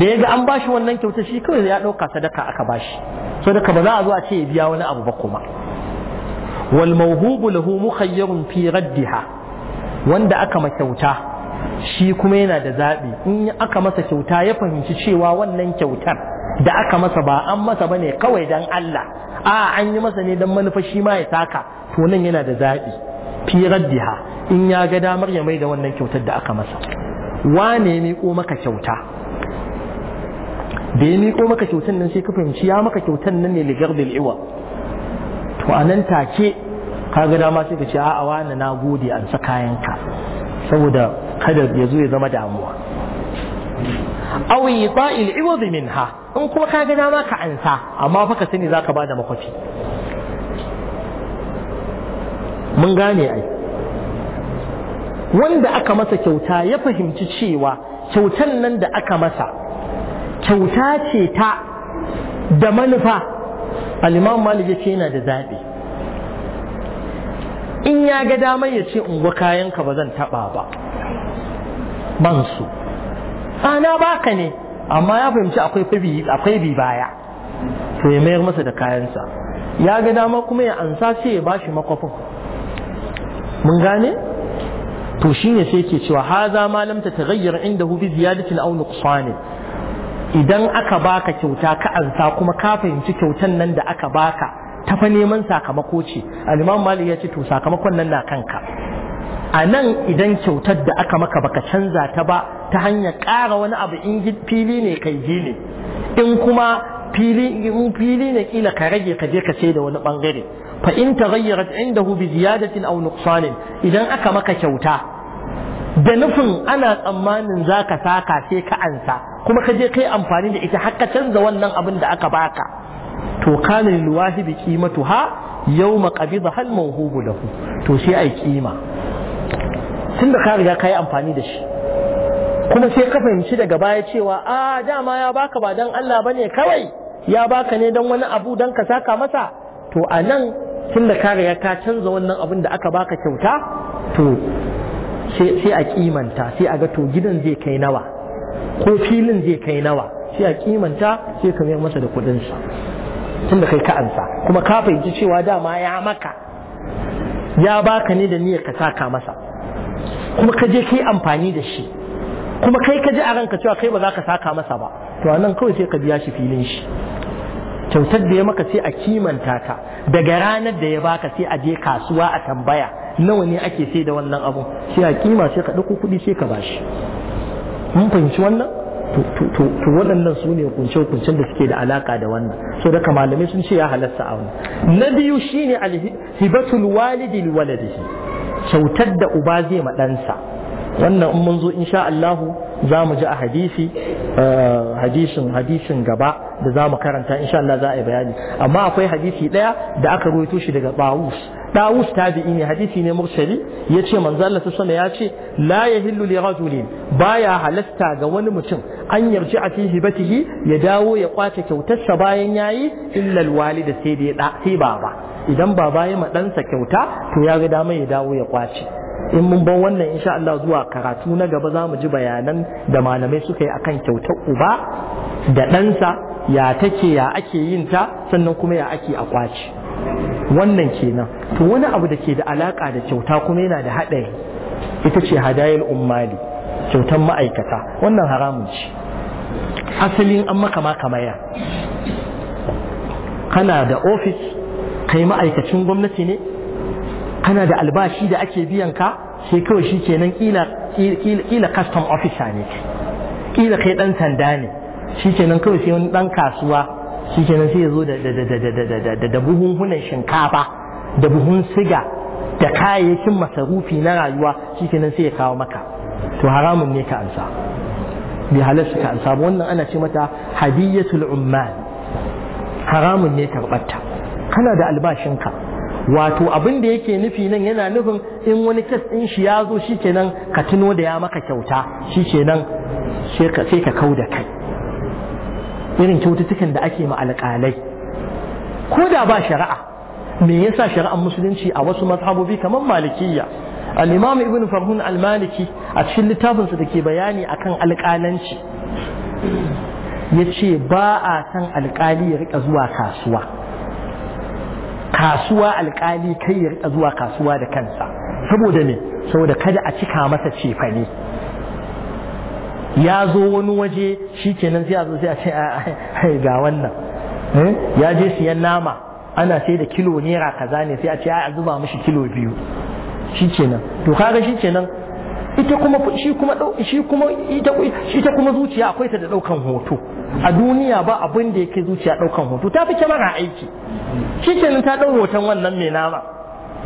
da ya ga an bashi wannan kyauta shi kawai ya ɗauka sadaka aka bashi sadaka ba za a zo a ce ya biya wani abu ba kuma wal mawhubu lahu mukhayyarun fi raddiha wanda aka ma kyauta shi kuma yana da zaɓi in aka masa kyauta ya fahimci cewa wannan kyautar da aka masa ba an masa ba ne kawai dan Allah a an yi masa ne dan manufashi shi ma ya saka to nan yana da zaɓi fi raddiha in ya ga damar ya mai da wannan kyautar da aka masa wane ya miƙo maka kyauta da ya miƙo maka kyautar nan sai ka fahimci ya maka kyautar nan ne ligar iwa to a nan take ka ga dama sai ka ce a'a wane na gode an sa kayanka saboda kada ya zo ya zama damuwa aw ita'il iwad minha in kuma ka ga dama ka ansa amma fa ka sani zaka bada makwafi mun gane ai wanda aka masa kyauta ya fahimci cewa kyautan nan da aka masa kyauta ce ta da manufa al-imam malik yace yana da zabi in ya ga damar ya ce unguwa ka ba zan taɓa ba ban su a na baka ne amma ya fahimci akwai fabi akwai bi baya to ya mayar masa da kayansa ya ga dama kuma ya ansa sai ya bashi makwafin mun gane to shine sai yake cewa haza ta tagayyar inda hu bi ziyadatin aw nuqsan idan aka baka kyauta ka ansa kuma ka fahimci kyautan nan da aka baka ta fa neman sakamako ce al-imam malik ya ce to sakamakon nan na kanka a nan idan kyautar da aka maka baka canza ta ba ta hanyar ƙara wani abu in fili ne kai ne. in kuma fili in fili ne kila ka rage ka je ka sai da wani bangare fa in ta taghayyarat da bi ziyadatin aw nuqsanin idan aka maka kyauta da nufin ana tsammanin za zaka saka sai ka ansa kuma ka je kai amfani da ita haka canza wannan abin da aka baka to kana lil wahibi qimatuha yawma qabidha al mawhubu lahu to sai ai kima tun da ka ka yi amfani da shi kuma sai ka fahimci daga baya cewa a dama ya baka ba don Allah bane kawai ya baka ne don wani abu don ka saka masa to a nan tun da ka ka canza wannan abin da aka baka kyauta to sai a kimanta sai a ga to gidan zai kai nawa ko filin zai kai nawa sai a kimanta sai ka mayar masa da kuɗinsa tun da kai ka ansa kuma ka fahimci cewa dama ya maka ya baka ne da niyar ka saka masa kuma ka je kai amfani da shi kuma kai ka ji a ranka cewa kai ba za ka saka masa ba to nan kawai sai ka biya shi filin shi kyautar da ya maka sai a kimanta ka daga ranar da ya baka sai a je kasuwa a tambaya nawa ne ake sai da wannan abun. sai a kima sai ka ɗauko kuɗi sai ka bashi mun fahimci wannan to waɗannan su ne kunce hukuncen da suke da alaka da wannan so daga malamai sun ce ya halatta a wannan na biyu shine alhibatul walidi walidihi kyautar da uba zai maɗansa wannan in mun zo insha Allah za mu ji a hadisi eh, hadisin hadisin gaba da za mu karanta insha Allah za a yi bayani amma akwai hadisi ɗaya da aka ruwaito shi daga Tawus Tawus tabi'i ne hadisi ne mursali yace ce manzo Allah sallallahu ya ce la yahillu li rajulin baya halasta ga wani mutum an yarji a cikin hibatihi ya dawo ya kwace kyautarsa bayan yayi illa alwalida sai da ya da sai baba idan ba ya ma ɗansa kyauta to ya ga dama ya dawo ya kwace in mun bar wannan insha Allah zuwa karatu na gaba za mu ji bayanan da malamai suka yi akan kyautar uba da ɗansa ya take ya ake yin ta sannan kuma ya ake a kwace wannan kenan to wani abu da ke da alaka da kyauta kuma yana da haɗari ita ce hadayar ummali kyautar ma'aikata wannan haramun ce asalin an maka makamaya kana da ofis kai ma'aikacin gwamnati ne kana da albashi da ake biyan ka sai kawai shi kenan kila custom officer ne kila kai dan sanda ne shi kenan kawai sai wani dan kasuwa shi kenan sai ya zo da buhunhunan shinkafa da buhun siga da kayayyakin masarufi na rayuwa shi kenan sai ya kawo maka to haramun ne ka ansa bai halarsa ka ansa wannan ana ce mata hadiyatul umman haramun ne karɓarta kana da albashinka wato abin da yake nufi nan yana nufin in wani kes ɗin shi ya zo shi kenan ka tuno da ya maka kyauta shi kenan sai ka kau da kai irin kyaututtukan da ake ma alƙalai ko da ba shari'a me yasa shari'ar musulunci a wasu mazhabobi kamar malikiyya al-imam ibn farhun al-maliki a cikin littafinsa da ke bayani akan alƙalanci yace ba a san alƙali ya rika zuwa kasuwa kasuwa alkali kai ya rika zuwa kasuwa da kansa saboda ne saboda kada a cika masa cefane ya zo wani waje shi kenan sai a zo sai a ce ga wannan eh? ya je siyan nama ana sai da kilo naira kaza ne sai a ce a zuba mishi kilo biyu shi kenan to kaga shi kenan ita kuma shi kuma shi kuma ita ta kuma zuciya akwai ta da daukan hoto a duniya ba abin da yake zuciya daukan hoto ta fi mara aiki shikenan ta dau hoton wannan mai nama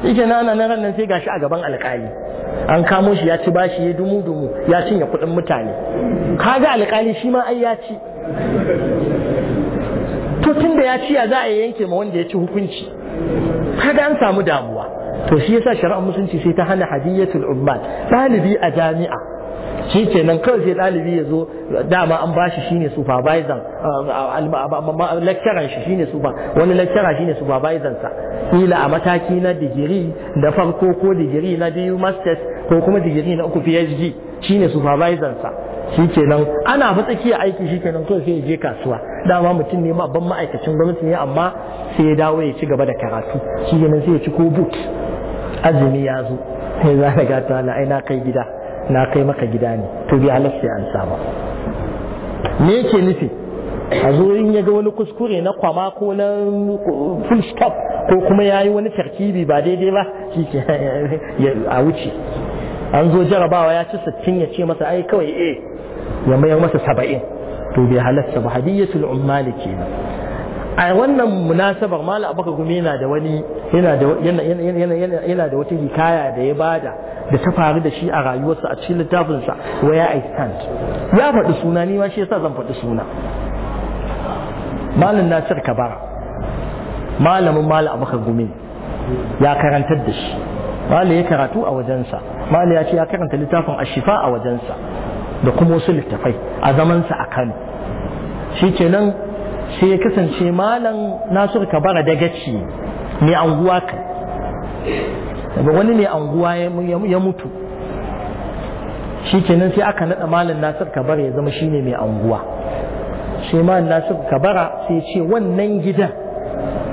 shikenan nana nan ran nan sai gashi a gaban alƙali an kamo shi ya ci bashi ya dumu dumu ya cinye kuɗin mutane kaga alƙali shi ma ai ya ci to tunda ya ci ya za a yanke ma wanda ya ci hukunci kada an samu damuwa to shi yasa shari'ar musulunci sai ta hana hadiyatul ummat Dalibi a jami'a shi ke nan kawai sai dalibi ya zo dama an ba shi shine supervisor uh, uh, lecturer shi shine super wani lecturer shine supervisor sa kila a mataki na digiri da farko ko digiri na biyu masters ko kuma digiri na uku phd shine supervisor sa shi kenan ana fa a aiki shi kenan kawai sai ya je kasuwa dama mutum ne ma ban ma'aikacin gwamnati ne amma sai ya dawo ya ci gaba da karatu shi kenan sai ya ci ko boot azumi ya zo sai za ka gata na ai na kai gida na kai maka gida ne to bi halarci an saba me yake nufi a zo in ya ga wani kuskure na kwama ko na full stop ko kuma ya yi wani tarkibi ba daidai ba shi ke a wuce an zo jarabawa ya ci sittin ya ce masa ai kawai eh ya mayar masa saba'in to bai halarta ba hadiyyatul ummali kenan a wannan munasabar mala abaka gumi yana da wani yana da wata hikaya da ya bada da ta faru da shi a rayuwarsa a cikin littafinsa waya I stand ya faɗi suna ni ma shi yasa zan faɗi suna malam Nasir Kabara malamin malam abaka gumi ya karantar da shi mala ya karatu a wajensa mala ya ce ya karanta littafin a shifa a wajensa da kuma wasu littafai a zamansa a Kano shi kenan sai ya kasance malam bara kabara dagaci mai anguwa ka daga wani mai anguwa ya mutu shi kenan sai aka naɗa malam ka kabara ya zama shi ne mai anguwa sai malam ka kabara sai ce wannan gidan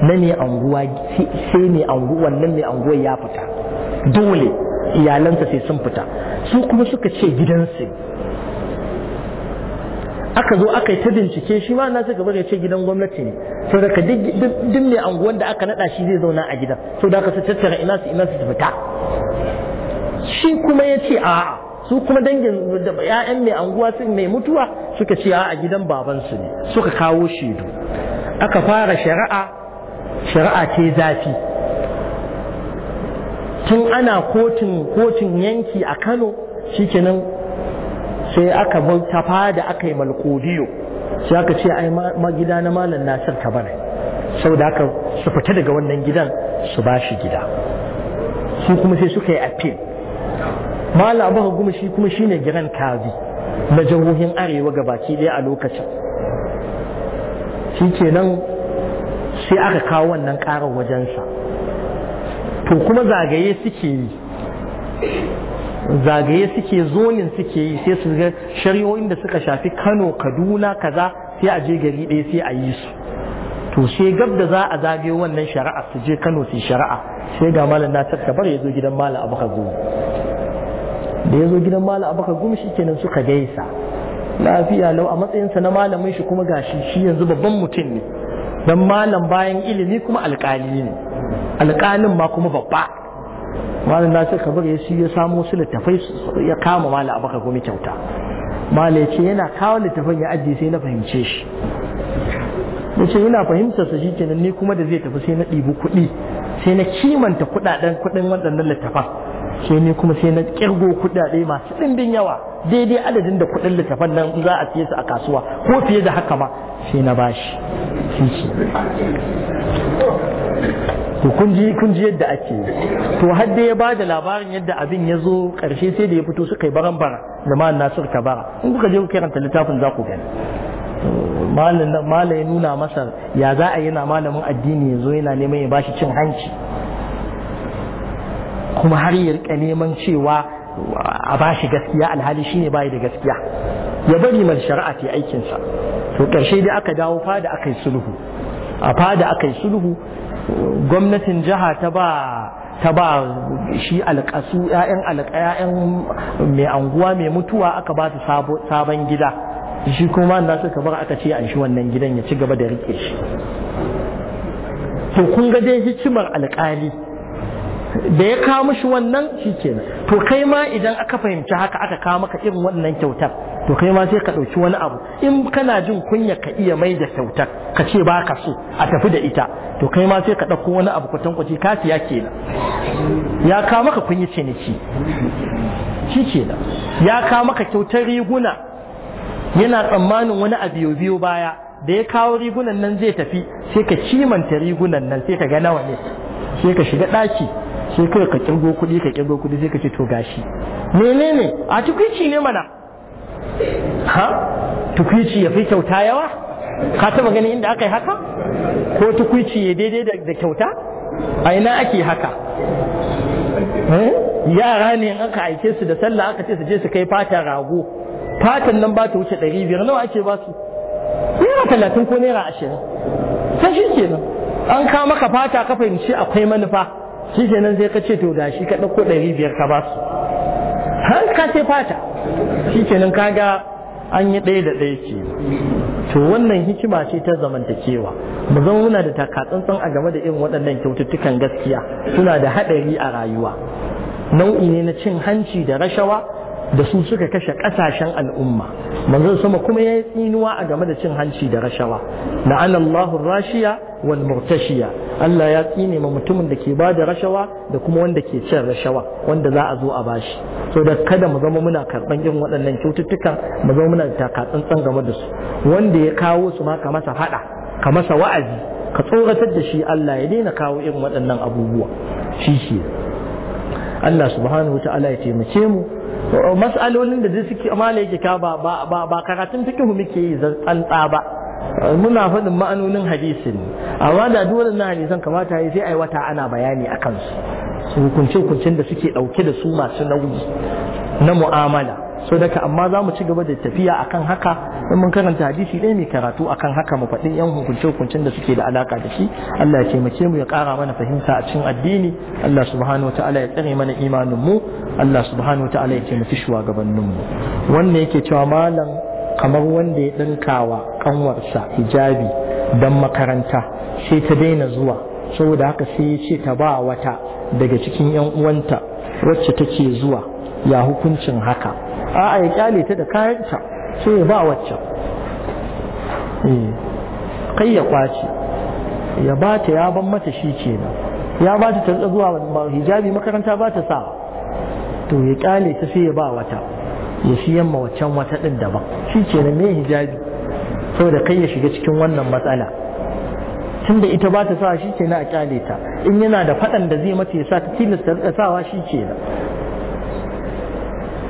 na mai anguwa sai mai anguwa wannan mai anguwa ya fita dole iyalansa sai sun fita su kuma suka ce gidansu aka zo aka yi ta bincike shi ma na suka bari ce gidan gwamnati ne sau daga duk mai anguwan da aka naɗa shi zai zauna a gidan sau da aka su tattara ina su ina su fita shi kuma ya ce a'a su kuma dangin da ya'yan mai anguwa sun mai mutuwa suka ce a gidan babansu ne suka kawo shaidu aka fara shari'a shari'a ce zafi tun ana kotun kotun yanki a Kano shikenan sai aka bin tafa da aka yi malkodiyo sai aka ce ai ma gida na malam nasir sau da aka su fita daga wannan gidan su ba shi gida su kuma sai suka yi appeal malam abu kuma shi kuma shine giran kazi na jihohin arewa baki ɗaya a lokacin shi kenan sai aka kawo wannan ƙarar wajensa to kuma zagaye suke yi zagaye suke zonin suke yi sai su ga shari'o'in da suka shafi kano kaduna kaza sai a je gari ɗaya sai a yi su to sai gab da za a zagaye wannan shari'a su je kano su shari'a sai ga malam na tattabar ya zo gidan malam abaka gumi da ya zo gidan malam abaka gumi shi kenan suka gaisa lafiya lau a matsayinsa na malamin shi kuma gashi shi yanzu babban mutum ne dan malam bayan ilimi kuma alƙali ne alƙalin ma kuma babba malam nasir kabir ya shi ya samo su littafai ya kama malam abaka gome kyauta malam ya ce yana kawo littafan ya ajiye sai na fahimce shi ya ce yana fahimtar sa shi kenan ni kuma da zai tafi sai na ɗibi kuɗi sai na kimanta kuɗaɗen kuɗin waɗannan littafan sai ni kuma sai na kirgo kuɗaɗe masu ɗimbin yawa daidai adadin da kuɗin littafan nan za a siye su a kasuwa ko fiye da haka ma sai na bashi shi to kun ji kun ji yadda ake to har da ya ba da labarin yadda abin ya zo karshe sai da ya fito suka yi baran bara da ma'an Nasir Kabara in kuka je ku karanta littafin za ku gani malam ya nuna masa ya za a yana malamin addini ya zo yana neman ya bashi cin hanci kuma har ya rika neman cewa a bashi gaskiya alhali shine bai da gaskiya ya bari mai shari'a ta aikinsa to karshe dai aka dawo fada aka yi sulhu a da aka yi sulhu gwamnatin jiha ta ba ta ba shi alƙasu ‘ya'yan mai anguwa mai mutuwa aka ba su sabon gida shi kuma na suka bar aka ce an shi wannan gidan ya ci gaba da rike shi to kun ga dai hikimar alƙali da ya kawo mishi wannan shi kenan to kai ma idan aka fahimci haka aka kawo maka irin wannan kyautar to kai ma sai ka ɗauki wani abu in kana jin kunya ka iya mai da kyautar ka ce ba ka so a tafi da ita to kai ma sai ka ɗauko wani abu kwatan kwaci ka siya kenan ya kawo maka kunya ce ne ci shi kenan ya kawo maka kyautar riguna yana tsammanin wani abu biyo baya da ya kawo rigunan nan zai tafi sai ka cimanta rigunan nan sai ka ga nawa ne sai ka shiga ɗaki sai kai ka kirgo kuɗi ka kirgo kuɗi sai ka ce to gashi menene a tukwici ne mana ha tukwici ya fi kyauta yawa ka taba ganin inda aka yi haka ko tukwici ya daidai da kyauta a ina ake haka eh? yara ne aka aike su da sallah aka ce su je su kai fata rago fatan nan ba ta wuce ɗari biyar nawa ake ba su naira talatin ko naira ashirin sai shi kenan an ka maka fata ka fahimci akwai manufa shi kenan sai ka ce to gashi ka ɗauko ɗari biyar ka ba su har ka ce fata shi kenan ka ga an yi ɗaya da ɗaya ce to wannan hikima ce ta zamantakewa mu muna da takatsantsan a game da irin waɗannan kyaututtukan gaskiya suna da haɗari a rayuwa nau'i ne na cin hanci da rashawa da su suka kashe ƙasashen al'umma manzon sama kuma ya yi tsinuwa a game da cin hanci da rashawa la'anallahu rashiya wal murtashiya Allah ya tsine ma mutumin da ke bada rashawa da kuma wanda ke cin rashawa wanda za a zo a bashi so da kada mu zama muna karban irin waɗannan kyaututtukan mu zama muna taka tsantsan game da su wanda ya kawo su ma ka masa fada ka masa wa'azi ka tsoratar da shi Allah ya daina kawo irin waɗannan abubuwa shi shi Allah subhanahu wa ta'ala ya taimake mu mas'alolin da suke mala yake ka ba ba karatun fikihu muke yi zan tsantsa ba muna faɗin ma'anonin hadisin amma da duk na hadisan kamata yi sai ai wata ana bayani a kansu hukunce-hukuncen da suke ɗauke da su masu nauyi na mu'amala so daga amma za mu ci gaba da tafiya akan haka in mun karanta hadisi ɗaya mai karatu akan haka mu faɗin yan hukunce hukuncen da suke da alaƙa da shi Allah ya taimake mu ya ƙara mana fahimta a cikin addini Allah subhanahu ta'ala ya tsare mana imanin mu Allah subhanahu ta'ala ya taimaki shugabannin mu wannan yake cewa malam kamar wanda ya wa kanwarsa hijabi don makaranta sai ta daina zuwa saboda haka sai ya ce ta ba wata daga cikin 'yan uwanta wacce take zuwa ya hukuncin haka a'a ya kyale ta da kayanta sai ya ba wacce. Eh, kai ya kwace ya ba ta ya ban mata shi nan ya ba ta zuwa hijabi makaranta ba ta sa to ya kyale ta sai ya ba wata ya siyan ma waccan wata ɗin daban shi ke na mai hijabi saboda kai ya shiga cikin wannan matsala tunda ita ba ta sa shi ke na a kyale ta in yana da faɗan da zai mata ya sa ta tilasta ta sawa shi ke da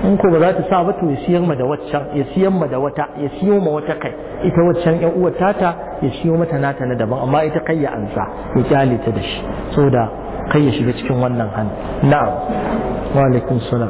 in ko ba za ta sa ba to ya siyan ma da waccan ya siyan ma da wata ya siyo ma wata kai ita waccan ƴan uwar tata ya siyo mata nata na daban amma ita kai ya ansa ya kyale ta da shi saboda kai ya shiga cikin wannan hannu na'am wa alaikum salam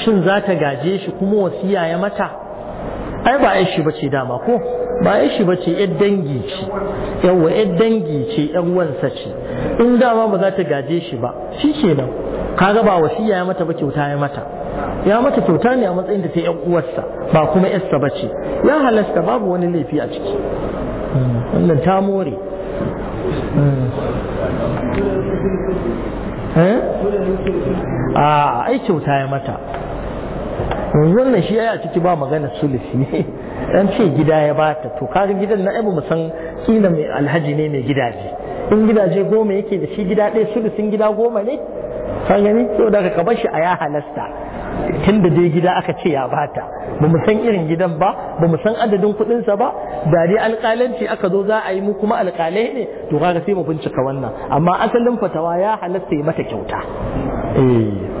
shin za ta gaje shi kuma wasiya ya mata ai ba ai shi bace dama ko ba ai shi bace yar dangi ce yawa yar dangi ce yar wansa ce in dama ba za ta gaje shi ba shi kenan kaga ba wasiya ya mata ba kyauta ya mata ya mata kyauta ne a matsayin da ta yan uwarsa ba kuma yarsa ba ce ya halasta babu wani laifi a ciki wannan ta more hmm. eh? a ai kyauta ya mata yanzu wannan shi ya ciki ba magana sulufi ne dan ce gida ya bata to kaga gidan na ai mu san kila mai alhaji ne mai gidaje in gidaje goma yake da shi gida ɗaya sulufin gida goma ne ka gani so da ka bar shi a ya halasta tun da dai gida aka ce ya bata ba mu san irin gidan ba ba mu san adadin kuɗinsa ba da dai alƙalanci aka zo za a yi mu kuma alƙalai ne to kaga sai mu bincika wannan amma asalin fatawa ya halasta ya mata kyauta eh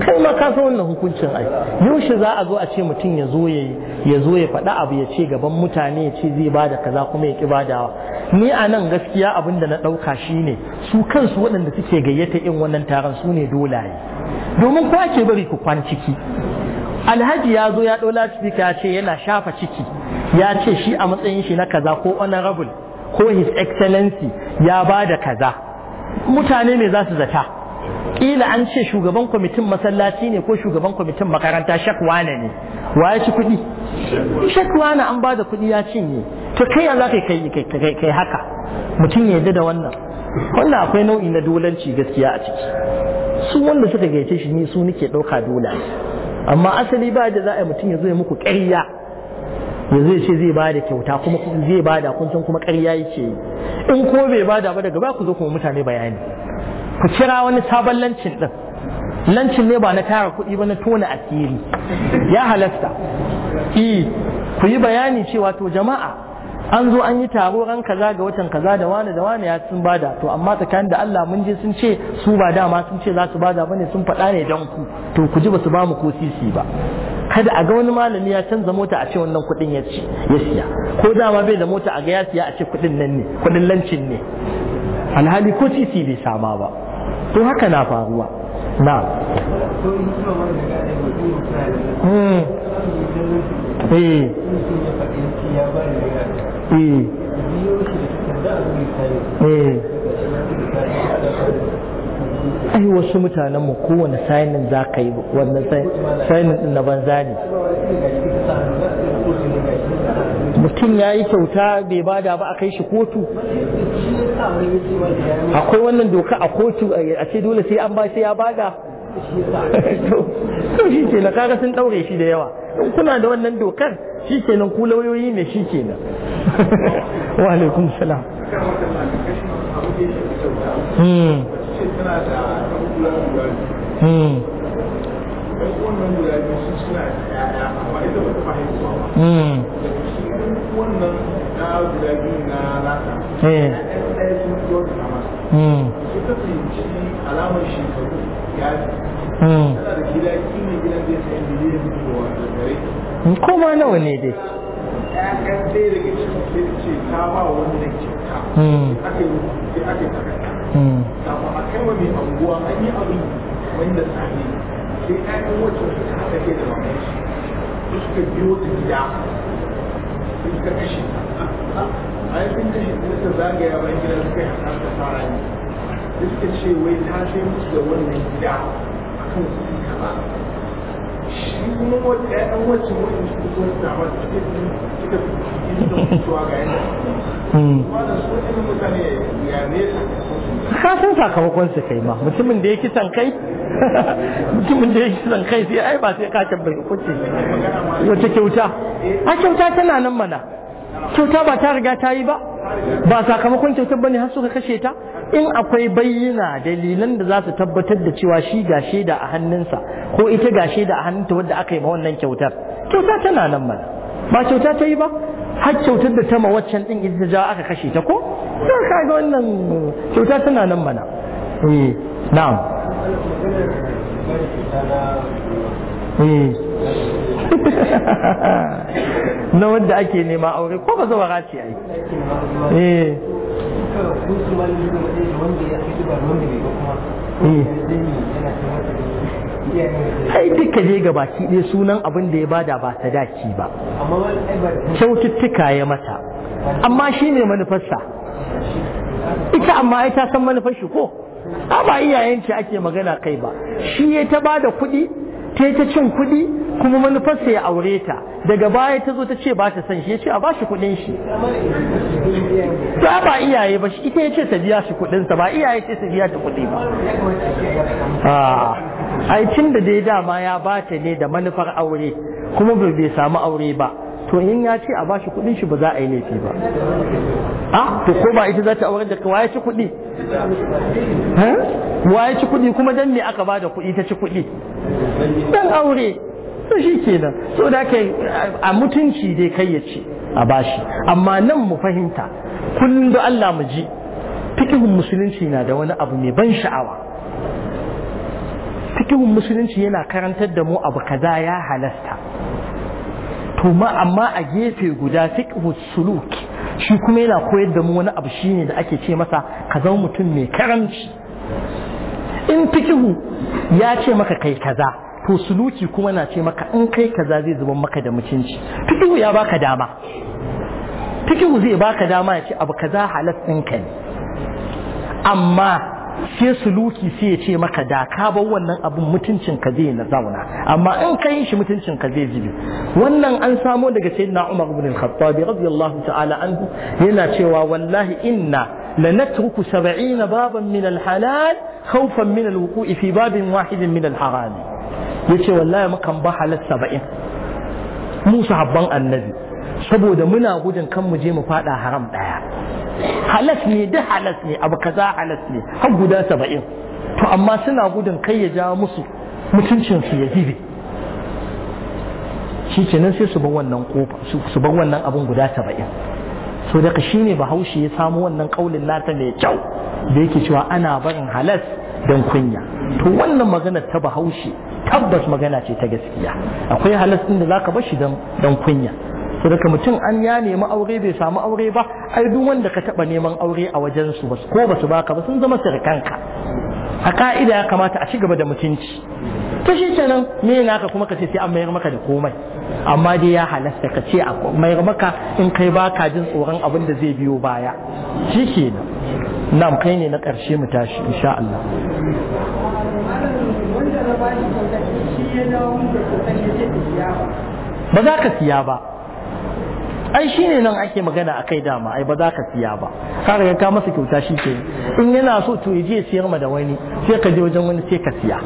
kai ma ka wannan hukuncin ai yaushe za a zo a ce mutum ya zo ya ya zo ya faɗa abu ya ce gaban mutane ya ce zai bada kaza kuma ya ki badawa ni a nan gaskiya abin da na ɗauka shine su kansu waɗanda suke gayyata irin wannan taron su ne dolaye domin ko ake bari ku kwan ciki alhaji ya zo ya ɗau lasifika ya ce yana shafa ciki ya ce shi a matsayin shi na kaza ko honorable ko his excellency ya ba da kaza mutane me za su zata kila an ce shugaban kwamitin masallaci ne ko shugaban kwamitin makaranta shakwana ne wa ya ci kuɗi shakwana an bada da kuɗi ya cinye to kai ya za ka kai haka mutum ya yarda da wannan wannan akwai nau'i na dolanci gaskiya a ciki su wanda suka gaice shi ni su nake ɗauka dola amma asali ba da za a mutum ya zo ya muku ƙarya ya zai ce zai bada kyauta kuma zai bada kun san kuma ƙarya yake in ko bai bada ba daga ba ku zo kuma mutane bayani ku kira wani sabon lancin din lancin ne ba na tara kuɗi ba na tona asiri ya halasta E, ku yi bayani cewa to jama'a an zo an yi taro ran kaza ga watan kaza da wani da wani ya sun bada to amma tsakanin da Allah mun je sun ce su ba dama sun ce za su bada bane sun faɗa ne don ku to ku ji ba su ba mu ko sisi ba kada a ga wani malami ya canza mota a ce wannan kuɗin ya ci ya siya ko dama bai da mota a ga ya siya a ce kuɗin nan ne kuɗin lancin ne alhali ko titi bai sama ba to haka na faruwa na hmm. eh. Eh. Eh. ai wasu mutanenmu kowane sainin za ka yi wannan sainin na banza ne mutum ya yi kyauta bai bada ba a kai shi kotu akwai wannan doka a kotu a ce dole sai an ba sai ya bada to shi ke na kaga sun daure shi da yawa kuna da wannan dokar shi ke nan ku lauyoyi ne shi ke nan wa alaikun salam hmm hmm, hmm. wannan na guda biyu na lata na eh. ɗaya sun fito da sama sai hmm. ta fahimci alamar shekaru ya hmm. tana da gida kima gidan zai sayi miliyan fitowa da dare ko ma nawa ne dai ƴaƴan ɗaya daga cikin sai ce ta ba wannan kyauta hmm. aka yi sai ake yi takarda kafin a kai wa mai anguwa an yi abin wanda sami sai ƴaƴan wacce ta haɗa kai da shi, suka biyo ta gida sun ka kashe a yi sun kashe kuma ta zagaya bayan gida suka yi hasar ta fara ne duk ce wai ta sai musu da wannan gida a akan su kama ka san sakamakon su kai ma mutumin da ya kisan kai mutumin da ya kisan kai sai ai ba sai ka bai kuce wata kyauta a kyauta tana nan mana kyauta ba ta riga ta yi ba ba sakamakon kyautar bane har suka kashe ta in akwai bayyana dalilan da za su tabbatar da cewa shi ga shaida a hannunsa ko ita ga shaida a hannunta wadda aka yi ma wannan kyautar kyauta tana nan mana ba kyauta ta yi ba har kyautar da ta ma waccan din ita ta aka kashe ta ko sai ka ga wannan kyauta tana nan mana eh na'am eh. na wanda ake nema aure ko ba zawara ce ai eh Eh. ai duka je ga baki ɗaya sunan abin da ya bada ba ta dace ba kyaututtuka ya mata amma shi ne manufarsa ita amma ya ta san manufar shi ko ba iyayen ake magana kai ba shi ya ta bada kuɗi ta ta cin kuɗi kuma manufarsa ya aure ta daga baya ta zo ta ce ba ta san shi ya ce a ba shi kuɗin shi ta ba iyaye ba shi ita ya ce ta biya shi kuɗinsa ba iyaye ce ta biya ta kuɗi ba a cin da dai dama ya ba ta ne da manufar aure kuma bai samu aure ba to in ya ce a bashi kuɗin shi ba za a yi laifi ba a to ko ba ita za ta aurar da ka waye ci kuɗi waye ci kuɗi kuma dan me aka ba da kuɗi ta ci kuɗi dan aure to shi kenan so da kai a mutunci dai kai ya ce a bashi amma nan mu fahimta kullum da Allah mu ji fikihun musulunci na da wani abu mai ban sha'awa fikihun musulunci yana karantar da mu abu kaza ya halasta kuma amma a gefe guda fiqhu suluk shi kuma yana koyar da mu wani abu shi ne da ake ce masa ka zama mutum mai karanci. in fiqhu ya ce maka kai kaza to suluki kuma na ce maka in kai kaza zai zuba maka da mutunci fiqhu ya baka dama fiqhu zai baka dama ya ce abu kaza halas ɗinka ne amma sai suluki sai ya ce maka da ka bar wannan abin mutuncin ka zai na zauna amma in ka yi shi mutuncin ka zai jibi wannan an samo daga sayyidina Umar ibn al-Khattab radiyallahu ta'ala anhu yana cewa wallahi inna lanatruku 70 baban min al-halal khawfan min al-wuqu'i fi babin wahidin min al-haram yace wallahi mukan ba halal 70 mu sahabban annabi saboda muna gudun kan mu je mu fada haram daya halas ne duk halas ne abu kaza halas ne har guda saba'in to amma suna gudun kai ya jawo musu mutuncin su ya hibe shi kenan sai su bar wannan kofa su bar wannan abun guda saba'in so daga shi ne bahaushe ya samu wannan kaulin nata mai kyau da yake cewa ana barin halas don kunya to wannan magana ta bahaushe tabbas magana ce ta gaskiya akwai halas din da zaka bar shi don kunya so daga mutum an ya nemi aure bai samu aure ba ai duk wanda ka taba neman aure a wajen su ba ko ba su baka ba sun zama sirkanka a ka'ida ya kamata a ci gaba da mutunci to shi kenan me naka kuma ka ce sai an mayar maka da komai amma dai ya halasta ka ce a mayar maka in kai baka jin tsoron abin da zai biyo baya shi kenan nam kai ne na ƙarshe mu tashi insha Allah ba za ka siya ba ai shi ne nan ake magana a kai dama ai ba za ka siya ba ka riga ka masa kyauta shi ke in yana so to ya je siyar ma da wani sai ka je wajen wani sai ka siya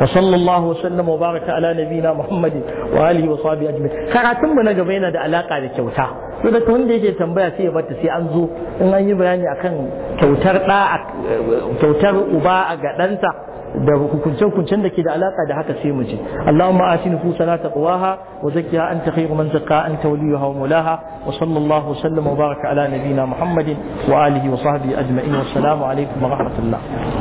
wa sallallahu wasallam wa baraka ala nabina muhammadin wa alihi wa sahbi ajma'in karatun mu na gaba yana da alaka da kyauta to da wanda yake tambaya sai ya bata sai an zo in an yi bayani akan kyautar da kyautar uba ga ɗansa da hukunce-hukuncen da ke da alaka da haka sai mu ji Allahumma ati nufusana taqwaha wa zakkiha anta khayru man zakka anta waliyuha wa mulaha wa sallallahu sallama wa baraka ala nabiyyina Muhammadin wa alihi wa sahbihi ajma'in wa assalamu alaikum wa rahmatullah